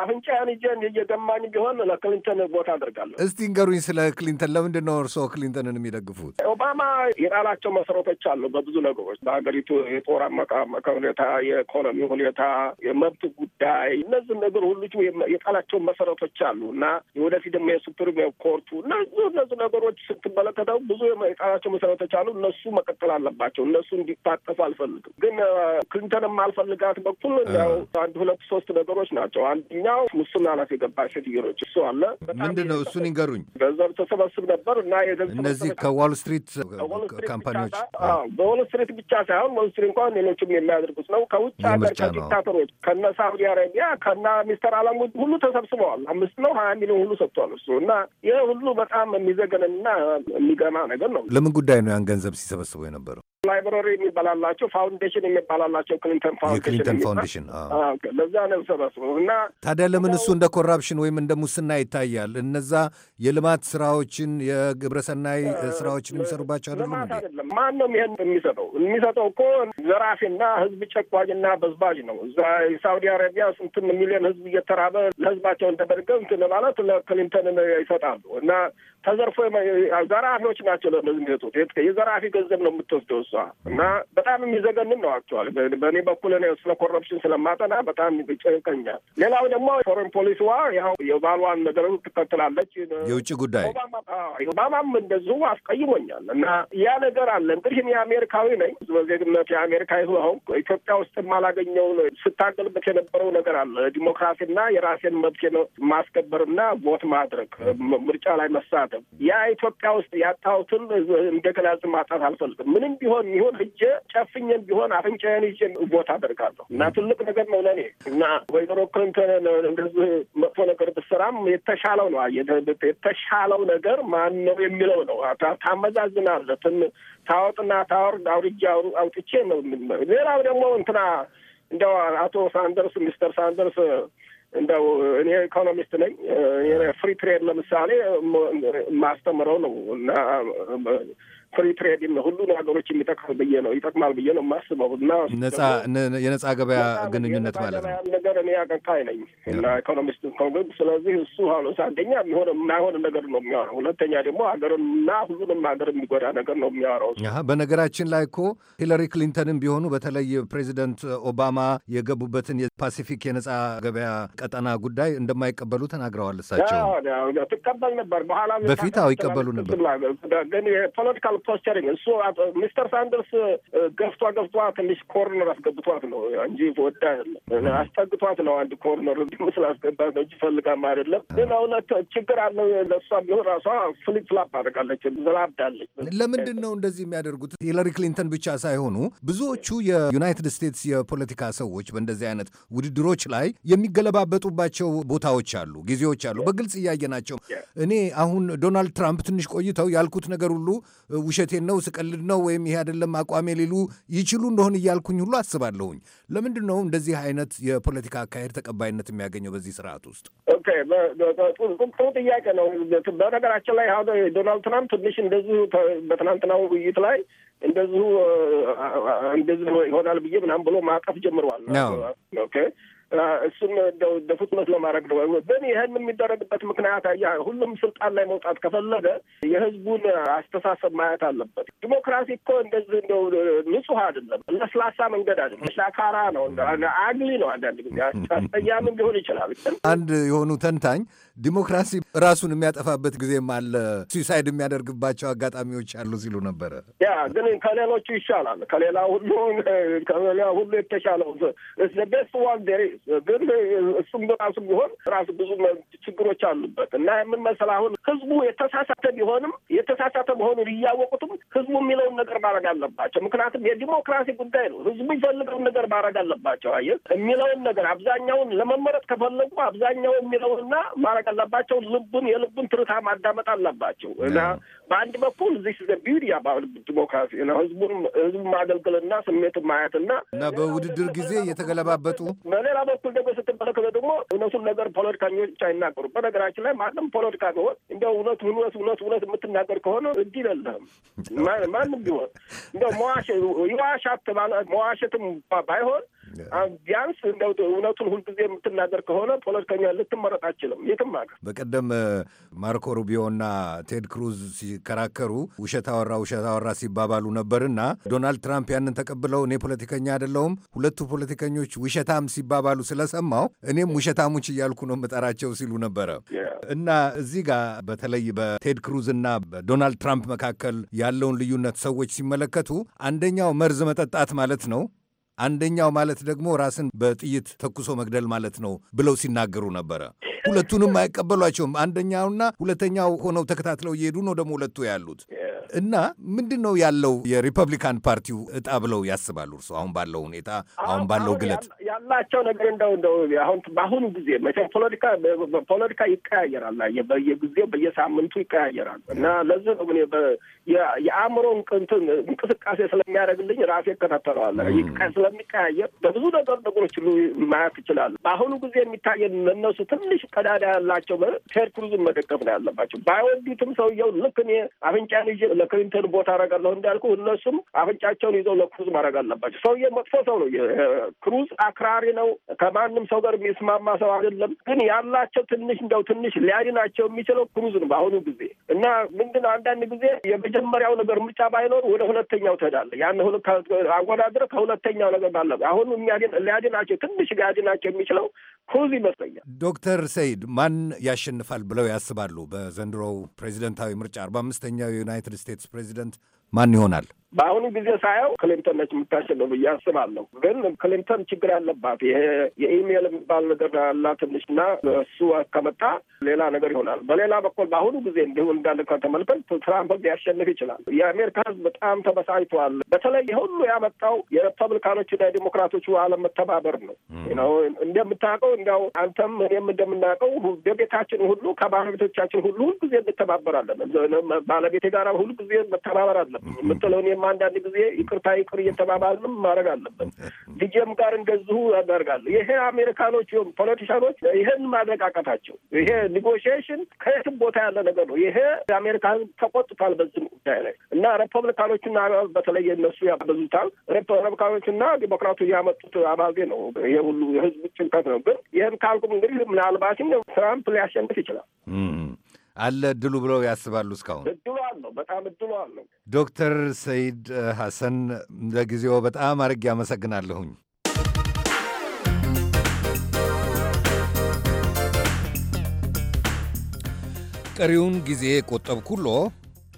አፍንጫን ይዤን እየደማኝ ቢሆን ለክሊንተን ቦታ አደርጋለሁ። እስቲ ንገሩኝ ስለ ክሊንተን። ለምንድን ነው እርስዎ ክሊንተንን የሚደግፉት? ኦባማ የጣላቸው መሰረቶች አሉ በብዙ ነገሮች፣ በሀገሪቱ የጦር አመቃመቀ ሁኔታ፣ የኢኮኖሚ ሁኔታ፣ የመብት ጉዳይ፣ እነዚህ ነገር ሁሉ የጣላቸው መሰረቶች አሉ እና ወደፊት ደግሞ የሱፕሪም ኮርቱ እና እነዚህ ነገሮች ስትመለከተው ብዙ የጣላቸው መሰረቶች አሉ። እነሱ መቀጠል አለባቸው። እነሱ እንዲታ እንድትሳተፍ አልፈልግም። ግን ክሊንተንም አልፈልጋት በኩል እንዲያው አንድ ሁለት ሶስት ነገሮች ናቸው። አንደኛው ሙስና ናት የገባች ሴትዮች፣ እሱ አለ ምንድን ነው እሱን ይንገሩኝ። ገንዘብ ተሰበስብ ነበር እና እነዚህ ከዋል ስትሪት ካምፓኒዎች በዋል ስትሪት ብቻ ሳይሆን ዋል ስትሪት እንኳን ሌሎችም የሚያደርጉት ነው። ከውጭ ሀገር ከዲክታተሮች ከነ ሳኡዲ አረቢያ ከና ሚስተር አላሙድ ሁሉ ተሰብስበዋል። አምስት ነው ሀያ ሚሊዮን ሁሉ ሰጥቷል እሱ እና ይህ ሁሉ በጣም የሚዘገንና የሚገማ ነገር ነው። ለምን ጉዳይ ነው ያን ገንዘብ ሲሰበስበው የነበረው? ላይብረሪ የሚባላላቸው ፋውንዴሽን የሚባላላቸው ክሊንተን ፋውንዴሽን ፋውንዴሽን ለዛ ነው ሰበስቡ እና ታዲያ ለምን እሱ እንደ ኮራፕሽን ወይም እንደ ሙስና ይታያል? እነዛ የልማት ስራዎችን የግብረሰናይ ስራዎችን የሚሰሩባቸው አይደለም አይደለም። ማን ነው ይሄን የሚሰጠው? የሚሰጠው እኮ ዘራፊና ህዝብ ጨቋኝና በዝባዥ ነው። እዛ የሳውዲ አረቢያ ስንትን ሚሊዮን ህዝብ እየተራበ ለህዝባቸው እንደበድገ እንትን ማለት ለክሊንተን ይሰጣሉ እና ተዘርፎ ዘራፊዎች ናቸው ለእነዚህ ሚሰጡት። የዘራፊ ገንዘብ ነው የምትወስደው እሷ እና በጣም የሚዘገንን ነው። አክቹዋሊ በእኔ በኩል እኔ ስለ ኮረፕሽን ስለማጠና በጣም ይጨንቀኛል። ሌላው ደግሞ ፎሬን ፖሊሲዋ ያው የባሏን ነገር ትከትላለች። የውጭ ጉዳይ ኦባማም እንደዚሁ አስቀይሞኛል እና ያ ነገር አለ። እንግዲህ አሜሪካዊ ነኝ በዜግነት የአሜሪካ ይሁን ኢትዮጵያ ውስጥ የማላገኘው ስታገልበት የነበረው ነገር አለ ዲሞክራሲና የራሴን መብት ማስከበርና ቦት ማድረግ ምርጫ ላይ መሳት አልፈልግም። ያ ኢትዮጵያ ውስጥ ያጣሁትን እንደገና ዝም ማጣት አልፈልግም። ምንም ቢሆን ይሁን ሂጄ ጨፍኝም ቢሆን አፍንጫዬን ይዤ ቦታ አደርጋለሁ እና ትልቅ ነገር ነው ለእኔ እና ወይዘሮ ክሊንተን እንደዚህ መጥፎ ነገር ብትሰራም የተሻለው ነው የተሻለው ነገር ማን ነው የሚለው ነው። ታመዛዝናለህ። ታወጥና ታወርድ አውርጄ አውጥቼ ነው። ሌላው ደግሞ እንትና እንደው አቶ ሳንደርስ ሚስተር ሳንደርስ እንደው እኔ ኢኮኖሚስት ነኝ። ፍሪ ትሬድ ለምሳሌ ማስተምረው ነው እና ፍሪ ትሬድ ሁሉን ሀገሮች የሚጠቅም ብዬ ነው ይጠቅማል ብዬ ነው የማስበው እና የነጻ ገበያ ግንኙነት ማለት ነው ነገር እኔ አቀንቃኝ ነኝ እና ኢኮኖሚስት ኮንግግ ስለዚህ እሱ አሉ አንደኛ የሚሆነ የማይሆን ነገር ነው የሚያወራው፣ ሁለተኛ ደግሞ ሀገርን እና ሁሉንም ሀገር የሚጎዳ ነገር ነው የሚያወራው። በነገራችን ላይ እኮ ሂለሪ ክሊንተንም ቢሆኑ በተለይ ፕሬዚደንት ኦባማ የገቡበትን የፓሲፊክ የነጻ ገበያ ቀጠና ጉዳይ እንደማይቀበሉ ተናግረዋል። እሳቸው ትቀበል ነበር በኋላ በፊት ይቀበሉ ነበር ግን የፖለቲካል አስገብቷች አይደለም። እሱ ሚስተር ሳንደርስ ገፍቷ ገፍቷ ትንሽ ኮርነር አስገብቷት ነው እንጂ ወዳ አስጠግቷት ነው አንድ ኮርነር ምስል አስገባት ነው እንጂ ፈልጋም አይደለም። ግን እውነት ችግር አለው ለእሷ ቢሆን ራሷ ፍሊፕ ፍላፕ አደርጋለች፣ ዝላብዳለች። ለምንድን ነው እንደዚህ የሚያደርጉት? ሂለሪ ክሊንተን ብቻ ሳይሆኑ ብዙዎቹ የዩናይትድ ስቴትስ የፖለቲካ ሰዎች በእንደዚህ አይነት ውድድሮች ላይ የሚገለባበጡባቸው ቦታዎች አሉ፣ ጊዜዎች አሉ። በግልጽ እያየ ናቸው። እኔ አሁን ዶናልድ ትራምፕ ትንሽ ቆይተው ያልኩት ነገር ሁሉ ውሸቴን ነው ስቀልድ ነው ወይም ይሄ አይደለም አቋሜ ሊሉ ይችሉ እንደሆን እያልኩኝ ሁሉ አስባለሁኝ። ለምንድን ነው እንደዚህ አይነት የፖለቲካ አካሄድ ተቀባይነት የሚያገኘው በዚህ ስርዓት ውስጥ? ጥሩ ጥያቄ ነው። በነገራችን ላይ ዶናልድ ትራምፕ ትንሽ እንደዚሁ በትናንትናው ውይይት ላይ እንደዚሁ እንደዚህ ይሆናል ብዬ ምናምን ብሎ ማቀፍ ጀምረዋል። ኦኬ እሱን ደፉትነት ለማድረግ ነው። ግን ይህን የሚደረግበት ምክንያት ያ ሁሉም ስልጣን ላይ መውጣት ከፈለገ የህዝቡን አስተሳሰብ ማየት አለበት። ዲሞክራሲ እኮ እንደዚህ እንደው ንጹህ አይደለም፣ ለስላሳ መንገድ አይደለም፣ ሻካራ ነው፣ አግሊ ነው። አንዳንድ ጊዜ አስቀያሚም ሊሆን ይችላል። አንድ የሆኑ ተንታኝ ዲሞክራሲ ራሱን የሚያጠፋበት ጊዜም አለ፣ ሱሳይድ የሚያደርግባቸው አጋጣሚዎች አሉ ሲሉ ነበረ። ያ ግን ከሌሎቹ ይሻላል፣ ከሌላ ሁሉ ከሌላ ሁሉ የተሻለው ቤስት ዋን ዴር ኢዝ ግን እሱም በራሱ ቢሆን ራሱ ብዙ ችግሮች አሉበት እና የምን መሰል አሁን ህዝቡ የተሳሳተ ቢሆንም የተሳሳተ መሆኑን እያወቁትም ህዝቡ የሚለውን ነገር ማድረግ አለባቸው። ምክንያቱም የዲሞክራሲ ጉዳይ ነው። ህዝቡ ይፈልገውን ነገር ማድረግ አለባቸው። አየ የሚለውን ነገር አብዛኛውን ለመመረጥ ከፈለጉ አብዛኛው የሚለውንና ማድረግ አለባቸው። ልቡን የልቡን ትርታ ማዳመጥ አለባቸው እና በአንድ በኩል እዚህ ዘ ቢዩድ አባል ዲሞክራሲ ነው። ህዝቡን ህዝቡ ማገልገልና ስሜቱን ማየትና እና በውድድር ጊዜ እየተገለባበጡ በሌላ በኩል ደግሞ ስትመለከተ ደግሞ እውነቱን ነገር ፖለቲከኞች አይናገሩም። በነገራችን ላይ ማንም ፖለቲካ ቢሆን እንደው እውነት እውነት እውነት እውነት የምትናገር ከሆነ እጅ የለህም። <laughs> ማንም ቢሆን እንደው መዋሸት መዋሸትም ባይሆን ቢያንስ እንደው እውነቱን ሁልጊዜ የምትናገር ከሆነ ፖለቲከኛ ልትመረጥ አችልም የትም ሀገር። በቀደም ማርኮ ሩቢዮና ቴድ ክሩዝ ሲከራከሩ ውሸት አወራ ውሸት አወራ ሲባባሉ ነበርና ዶናልድ ትራምፕ ያንን ተቀብለው እኔ ፖለቲከኛ አይደለሁም ሁለቱ ፖለቲከኞች ውሸታም ሲባባሉ ስለሰማው እኔም ውሸታሞች እያልኩ ነው የምጠራቸው ሲሉ ነበረ እና እዚህ ጋር በተለይ በቴድ ክሩዝ እና በዶናልድ ትራምፕ መካከል ያለውን ልዩነት ሰዎች ሲመለከቱ አንደኛው መርዝ መጠጣት ማለት ነው አንደኛው ማለት ደግሞ ራስን በጥይት ተኩሶ መግደል ማለት ነው ብለው ሲናገሩ ነበረ። ሁለቱንም አይቀበሏቸውም። አንደኛውና ሁለተኛው ሆነው ተከታትለው እየሄዱ ነው ደግሞ ሁለቱ ያሉት እና ምንድን ነው ያለው የሪፐብሊካን ፓርቲው እጣ ብለው ያስባሉ? እርሱ አሁን ባለው ሁኔታ አሁን ባለው ግለት ያላቸው ነገር እንደው እንደው አሁን በአሁኑ ጊዜ መቼም ፖለቲካ ፖለቲካ ይቀያየራል፣ በየጊዜው በየሳምንቱ ይቀያየራል እና ለዚህ ነው የአእምሮ እንቅንትን እንቅስቃሴ ስለሚያደርግልኝ ራሴ እከታተለዋለሁ። ስለሚቀያየር በብዙ ነገር ነገሮች ሁሉ ማየት ይችላሉ። በአሁኑ ጊዜ የሚታየን ለነሱ ትንሽ ቀዳዳ ያላቸው ቴድ ክሩዝን መደገፍ ነው ያለባቸው። ባይወዱትም ሰውየው ልክ እኔ አፍንጫን ይዤ ለክሊንተን ቦታ አረጋለሁ እንዳልኩ እነሱም አፍንጫቸውን ይዘው ለክሩዝ ማድረግ አለባቸው። ሰውዬ መጥፎ ሰው ነው። ክሩዝ አክራሪ ነው። ከማንም ሰው ጋር የሚስማማ ሰው አይደለም። ግን ያላቸው ትንሽ እንደው ትንሽ ሊያድናቸው የሚችለው ክሩዝ ነው በአሁኑ ጊዜ እና ምንድን አንዳንድ ጊዜ የመጀመሪያው ነገር ምርጫ ባይኖር ወደ ሁለተኛው ትሄዳለህ። ያን አወዳድረህ ከሁለተኛው ነገር ባለ አሁን ሊያድናቸው ትንሽ ሊያድናቸው የሚችለው ክሩዝ ይመስለኛል። ዶክተር ሰይድ ማን ያሸንፋል ብለው ያስባሉ? በዘንድሮው ፕሬዚደንታዊ ምርጫ አርባ አምስተኛው የዩናይትድ ስቴትስ ፕሬዚደንት ማን ይሆናል? በአሁኑ ጊዜ ሳየው ክሊንተን ነች የምታሸንፈው ብዬ አስባለሁ። ግን ክሊንተን ችግር አለባት። ይሄ የኢሜይል የሚባል ነገር አላ እና እሱ ከመጣ ሌላ ነገር ይሆናል። በሌላ በኩል በአሁኑ ጊዜ እንዲሁ እንዳለ ከተመልከት ትራምፕ ሊያሸንፍ ይችላል። የአሜሪካ ሕዝብ በጣም ተበሳጭቷል። በተለይ ሁሉ ያመጣው የሪፐብሊካኖቹና የዲሞክራቶቹ አለመተባበር ነው ነው እንደምታውቀው እንዲያው አንተም እኔም እንደምናውቀው በቤታችን ሁሉ ከባለቤቶቻችን ሁሉ ሁልጊዜ እንተባበራለን። ባለቤቴ ጋር ሁልጊዜ መተባበር አለብኝ የምትለው እኔም እኛም አንዳንድ ጊዜ ይቅርታ ይቅር እየተባባልንም ማድረግ አለብን። ልጄም ጋር እንደዚሁ ያደርጋሉ። ይሄ አሜሪካኖች ሆም ፖለቲሻኖች ይህን ማድረግ አቃታቸው። ይሄ ኒጎሽዬሽን ከየትም ቦታ ያለ ነገር ነው። ይሄ የአሜሪካ ሕዝብ ተቆጥቷል በዚህ ጉዳይ ላይ እና ሪፐብሊካኖችና በተለይ እነሱ ያበዙታል። ሪፐብሊካኖችና ዲሞክራቱ ያመጡት አባዜ ነው። የሁሉ የህዝብ ጭንቀት ነው። ግን ይህን ካልኩም እንግዲህ ምናልባትም ትራምፕ ሊያሸንፍ ይችላል። አለ እድሉ ብለው ያስባሉ? እስካሁን እድሉ አለው፣ በጣም እድሉ አለው። ዶክተር ሰይድ ሐሰን ለጊዜው በጣም አድርጌ አመሰግናለሁኝ። ቀሪውን ጊዜ ቆጠብኩሎ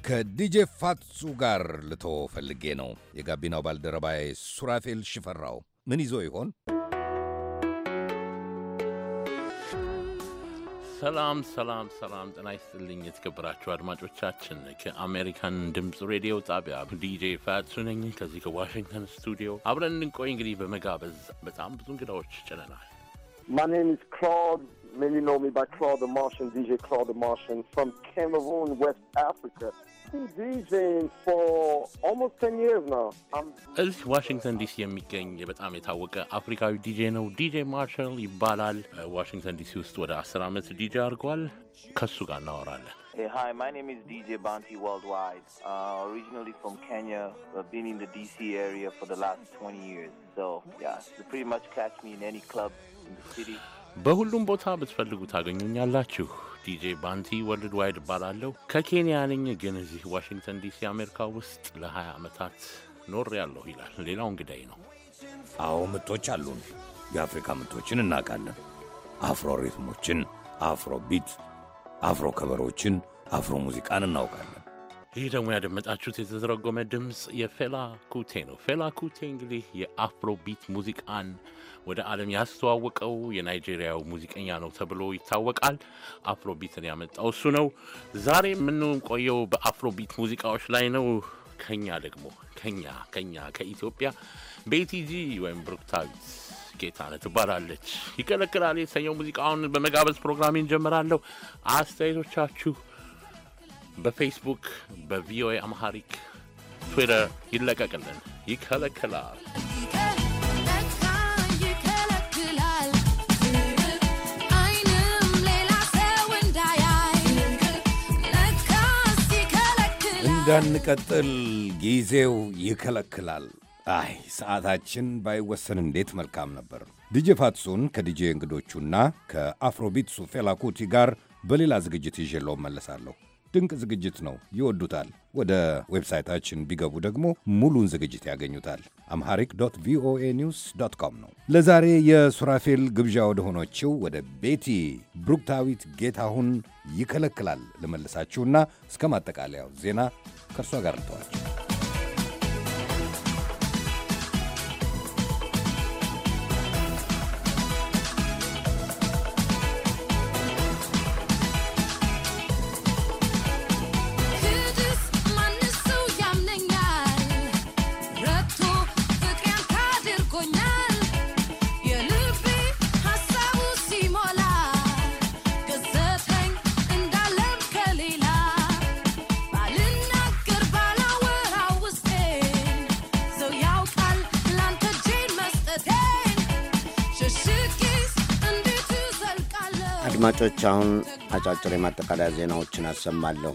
ከዲጄ ፋትሱ ጋር ልቶ ፈልጌ ነው። የጋቢናው ባልደረባዬ ሱራፌል ሽፈራው ምን ይዞ ይሆን? ሰላም ሰላም ሰላም፣ ጤና ይስጥልኝ የተከበራችሁ አድማጮቻችን። ከአሜሪካን ድምፅ ሬዲዮ ጣቢያ ዲጄ ፋቱ ነኝ ከዚህ ከዋሽንግተን ስቱዲዮ አብረን እንቆይ እንግዲህ በመጋበዝ በጣም ብዙ እንግዳዎች ጭነናል። My name is Claude. Many know me by Claude the Martian, DJ Claude the Martian from Cameroon, West Africa. እዚህ ዋሽንግተን ዲሲ የሚገኝ በጣም የታወቀ አፍሪካዊ ዲጄ ነው። ዲጄ ማርሻል ይባላል። ዋሽንግተን ዲሲ ውስጥ ወደ አስር ዓመት ዲጄ አድርጓል። ከሱ ጋር እናወራለን። በሁሉም ቦታ ብትፈልጉ ታገኙኛላችሁ። ዲጄ ባንቲ ወርልድ ዋይድ እባላለሁ። ከኬንያ ነኝ፣ ግን እዚህ ዋሽንግተን ዲሲ አሜሪካ ውስጥ ለ20 ዓመታት ኖር ያለሁ ይላል። ሌላው እንግዳይ ነው። አዎ ምቶች አሉን። የአፍሪካ ምቶችን እናውቃለን። አፍሮ ሪትሞችን፣ አፍሮ ቢት፣ አፍሮ ከበሮችን፣ አፍሮ ሙዚቃን እናውቃለን። ይህ ደግሞ ያደመጣችሁት የተተረጎመ ድምፅ የፌላ ኩቴ ነው። ፌላ ኩቴ እንግዲህ የአፍሮ ቢት ሙዚቃን ወደ ዓለም ያስተዋወቀው የናይጄሪያው ሙዚቀኛ ነው ተብሎ ይታወቃል። አፍሮቢትን ያመጣው እሱ ነው። ዛሬ የምንቆየው በአፍሮቢት ሙዚቃዎች ላይ ነው። ከኛ ደግሞ ከኛ ከኛ ከኢትዮጵያ ቤቲጂ ወይም ብሩክታዊት ጌታነህ ትባላለች። ይከለክላል የተሰኘው ሙዚቃውን በመጋበዝ ፕሮግራሜ እንጀምራለሁ። አስተያየቶቻችሁ በፌስቡክ በቪኦኤ አምሃሪክ ትዊተር ይለቀቅልን። ይከለክላል እንዳንቀጥል ጊዜው ይከለክላል። አይ ሰዓታችን ባይወሰን እንዴት መልካም ነበር። ዲጄ ፋትሱን ከዲጄ እንግዶቹና ከአፍሮቢትሱ ፌላኩቲ ጋር በሌላ ዝግጅት ይዤለው መለሳለሁ። ድንቅ ዝግጅት ነው፣ ይወዱታል። ወደ ዌብሳይታችን ቢገቡ ደግሞ ሙሉን ዝግጅት ያገኙታል። አምሃሪክ ዶት ቪኦኤ ኒውስ ዶት ኮም ነው። ለዛሬ የሱራፌል ግብዣ ወደ ሆነችው ወደ ቤቲ ብሩክታዊት ጌታሁን ይከለክላል ልመልሳችሁና እስከ ማጠቃለያው ዜና karso agarran tobaad አድማጮች አሁን አጫጭር የማጠቃለያ ዜናዎችን አሰማለሁ።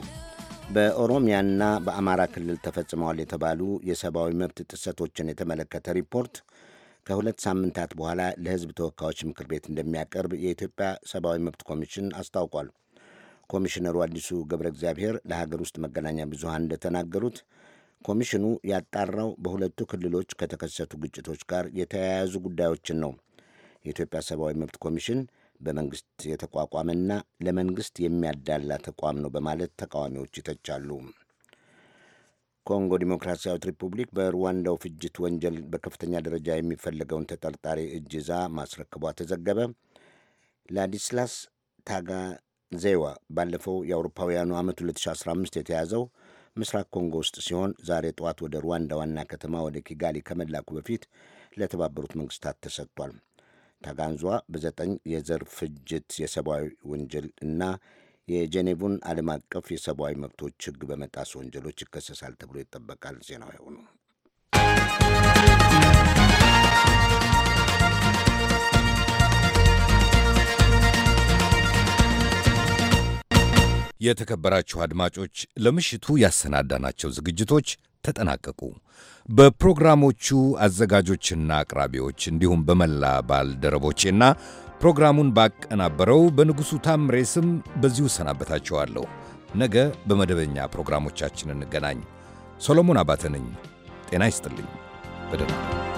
በኦሮሚያና በአማራ ክልል ተፈጽመዋል የተባሉ የሰብአዊ መብት ጥሰቶችን የተመለከተ ሪፖርት ከሁለት ሳምንታት በኋላ ለሕዝብ ተወካዮች ምክር ቤት እንደሚያቀርብ የኢትዮጵያ ሰብአዊ መብት ኮሚሽን አስታውቋል። ኮሚሽነሩ አዲሱ ገብረ እግዚአብሔር ለሀገር ውስጥ መገናኛ ብዙሃን እንደተናገሩት ኮሚሽኑ ያጣራው በሁለቱ ክልሎች ከተከሰቱ ግጭቶች ጋር የተያያዙ ጉዳዮችን ነው። የኢትዮጵያ ሰብአዊ መብት ኮሚሽን በመንግስት የተቋቋመና ለመንግስት የሚያዳላ ተቋም ነው በማለት ተቃዋሚዎች ይተቻሉ። ኮንጎ ዲሞክራሲያዊት ሪፑብሊክ በሩዋንዳው ፍጅት ወንጀል በከፍተኛ ደረጃ የሚፈለገውን ተጠርጣሪ እጅ ይዛ ማስረክቧ ተዘገበ። ላዲስላስ ታጋዜዋ ባለፈው የአውሮፓውያኑ ዓመት 2015 የተያዘው ምስራቅ ኮንጎ ውስጥ ሲሆን ዛሬ ጠዋት ወደ ሩዋንዳ ዋና ከተማ ወደ ኪጋሊ ከመላኩ በፊት ለተባበሩት መንግስታት ተሰጥቷል። ታጋንዟ በዘጠኝ የዘር ፍጅት የሰብአዊ ወንጀል እና የጄኔቭን ዓለም አቀፍ የሰብአዊ መብቶች ሕግ በመጣስ ወንጀሎች ይከሰሳል ተብሎ ይጠበቃል። ዜናው ያው የተከበራችሁ አድማጮች ለምሽቱ ያሰናዳናቸው ዝግጅቶች ተጠናቀቁ። በፕሮግራሞቹ አዘጋጆችና አቅራቢዎች እንዲሁም በመላ ባልደረቦቼና ፕሮግራሙን ባቀናበረው በንጉሡ ታምሬ ስም በዚሁ ሰናበታቸዋለሁ። ነገ በመደበኛ ፕሮግራሞቻችን እንገናኝ። ሶሎሞን አባተ ነኝ። ጤና ይስጥልኝ። በደህና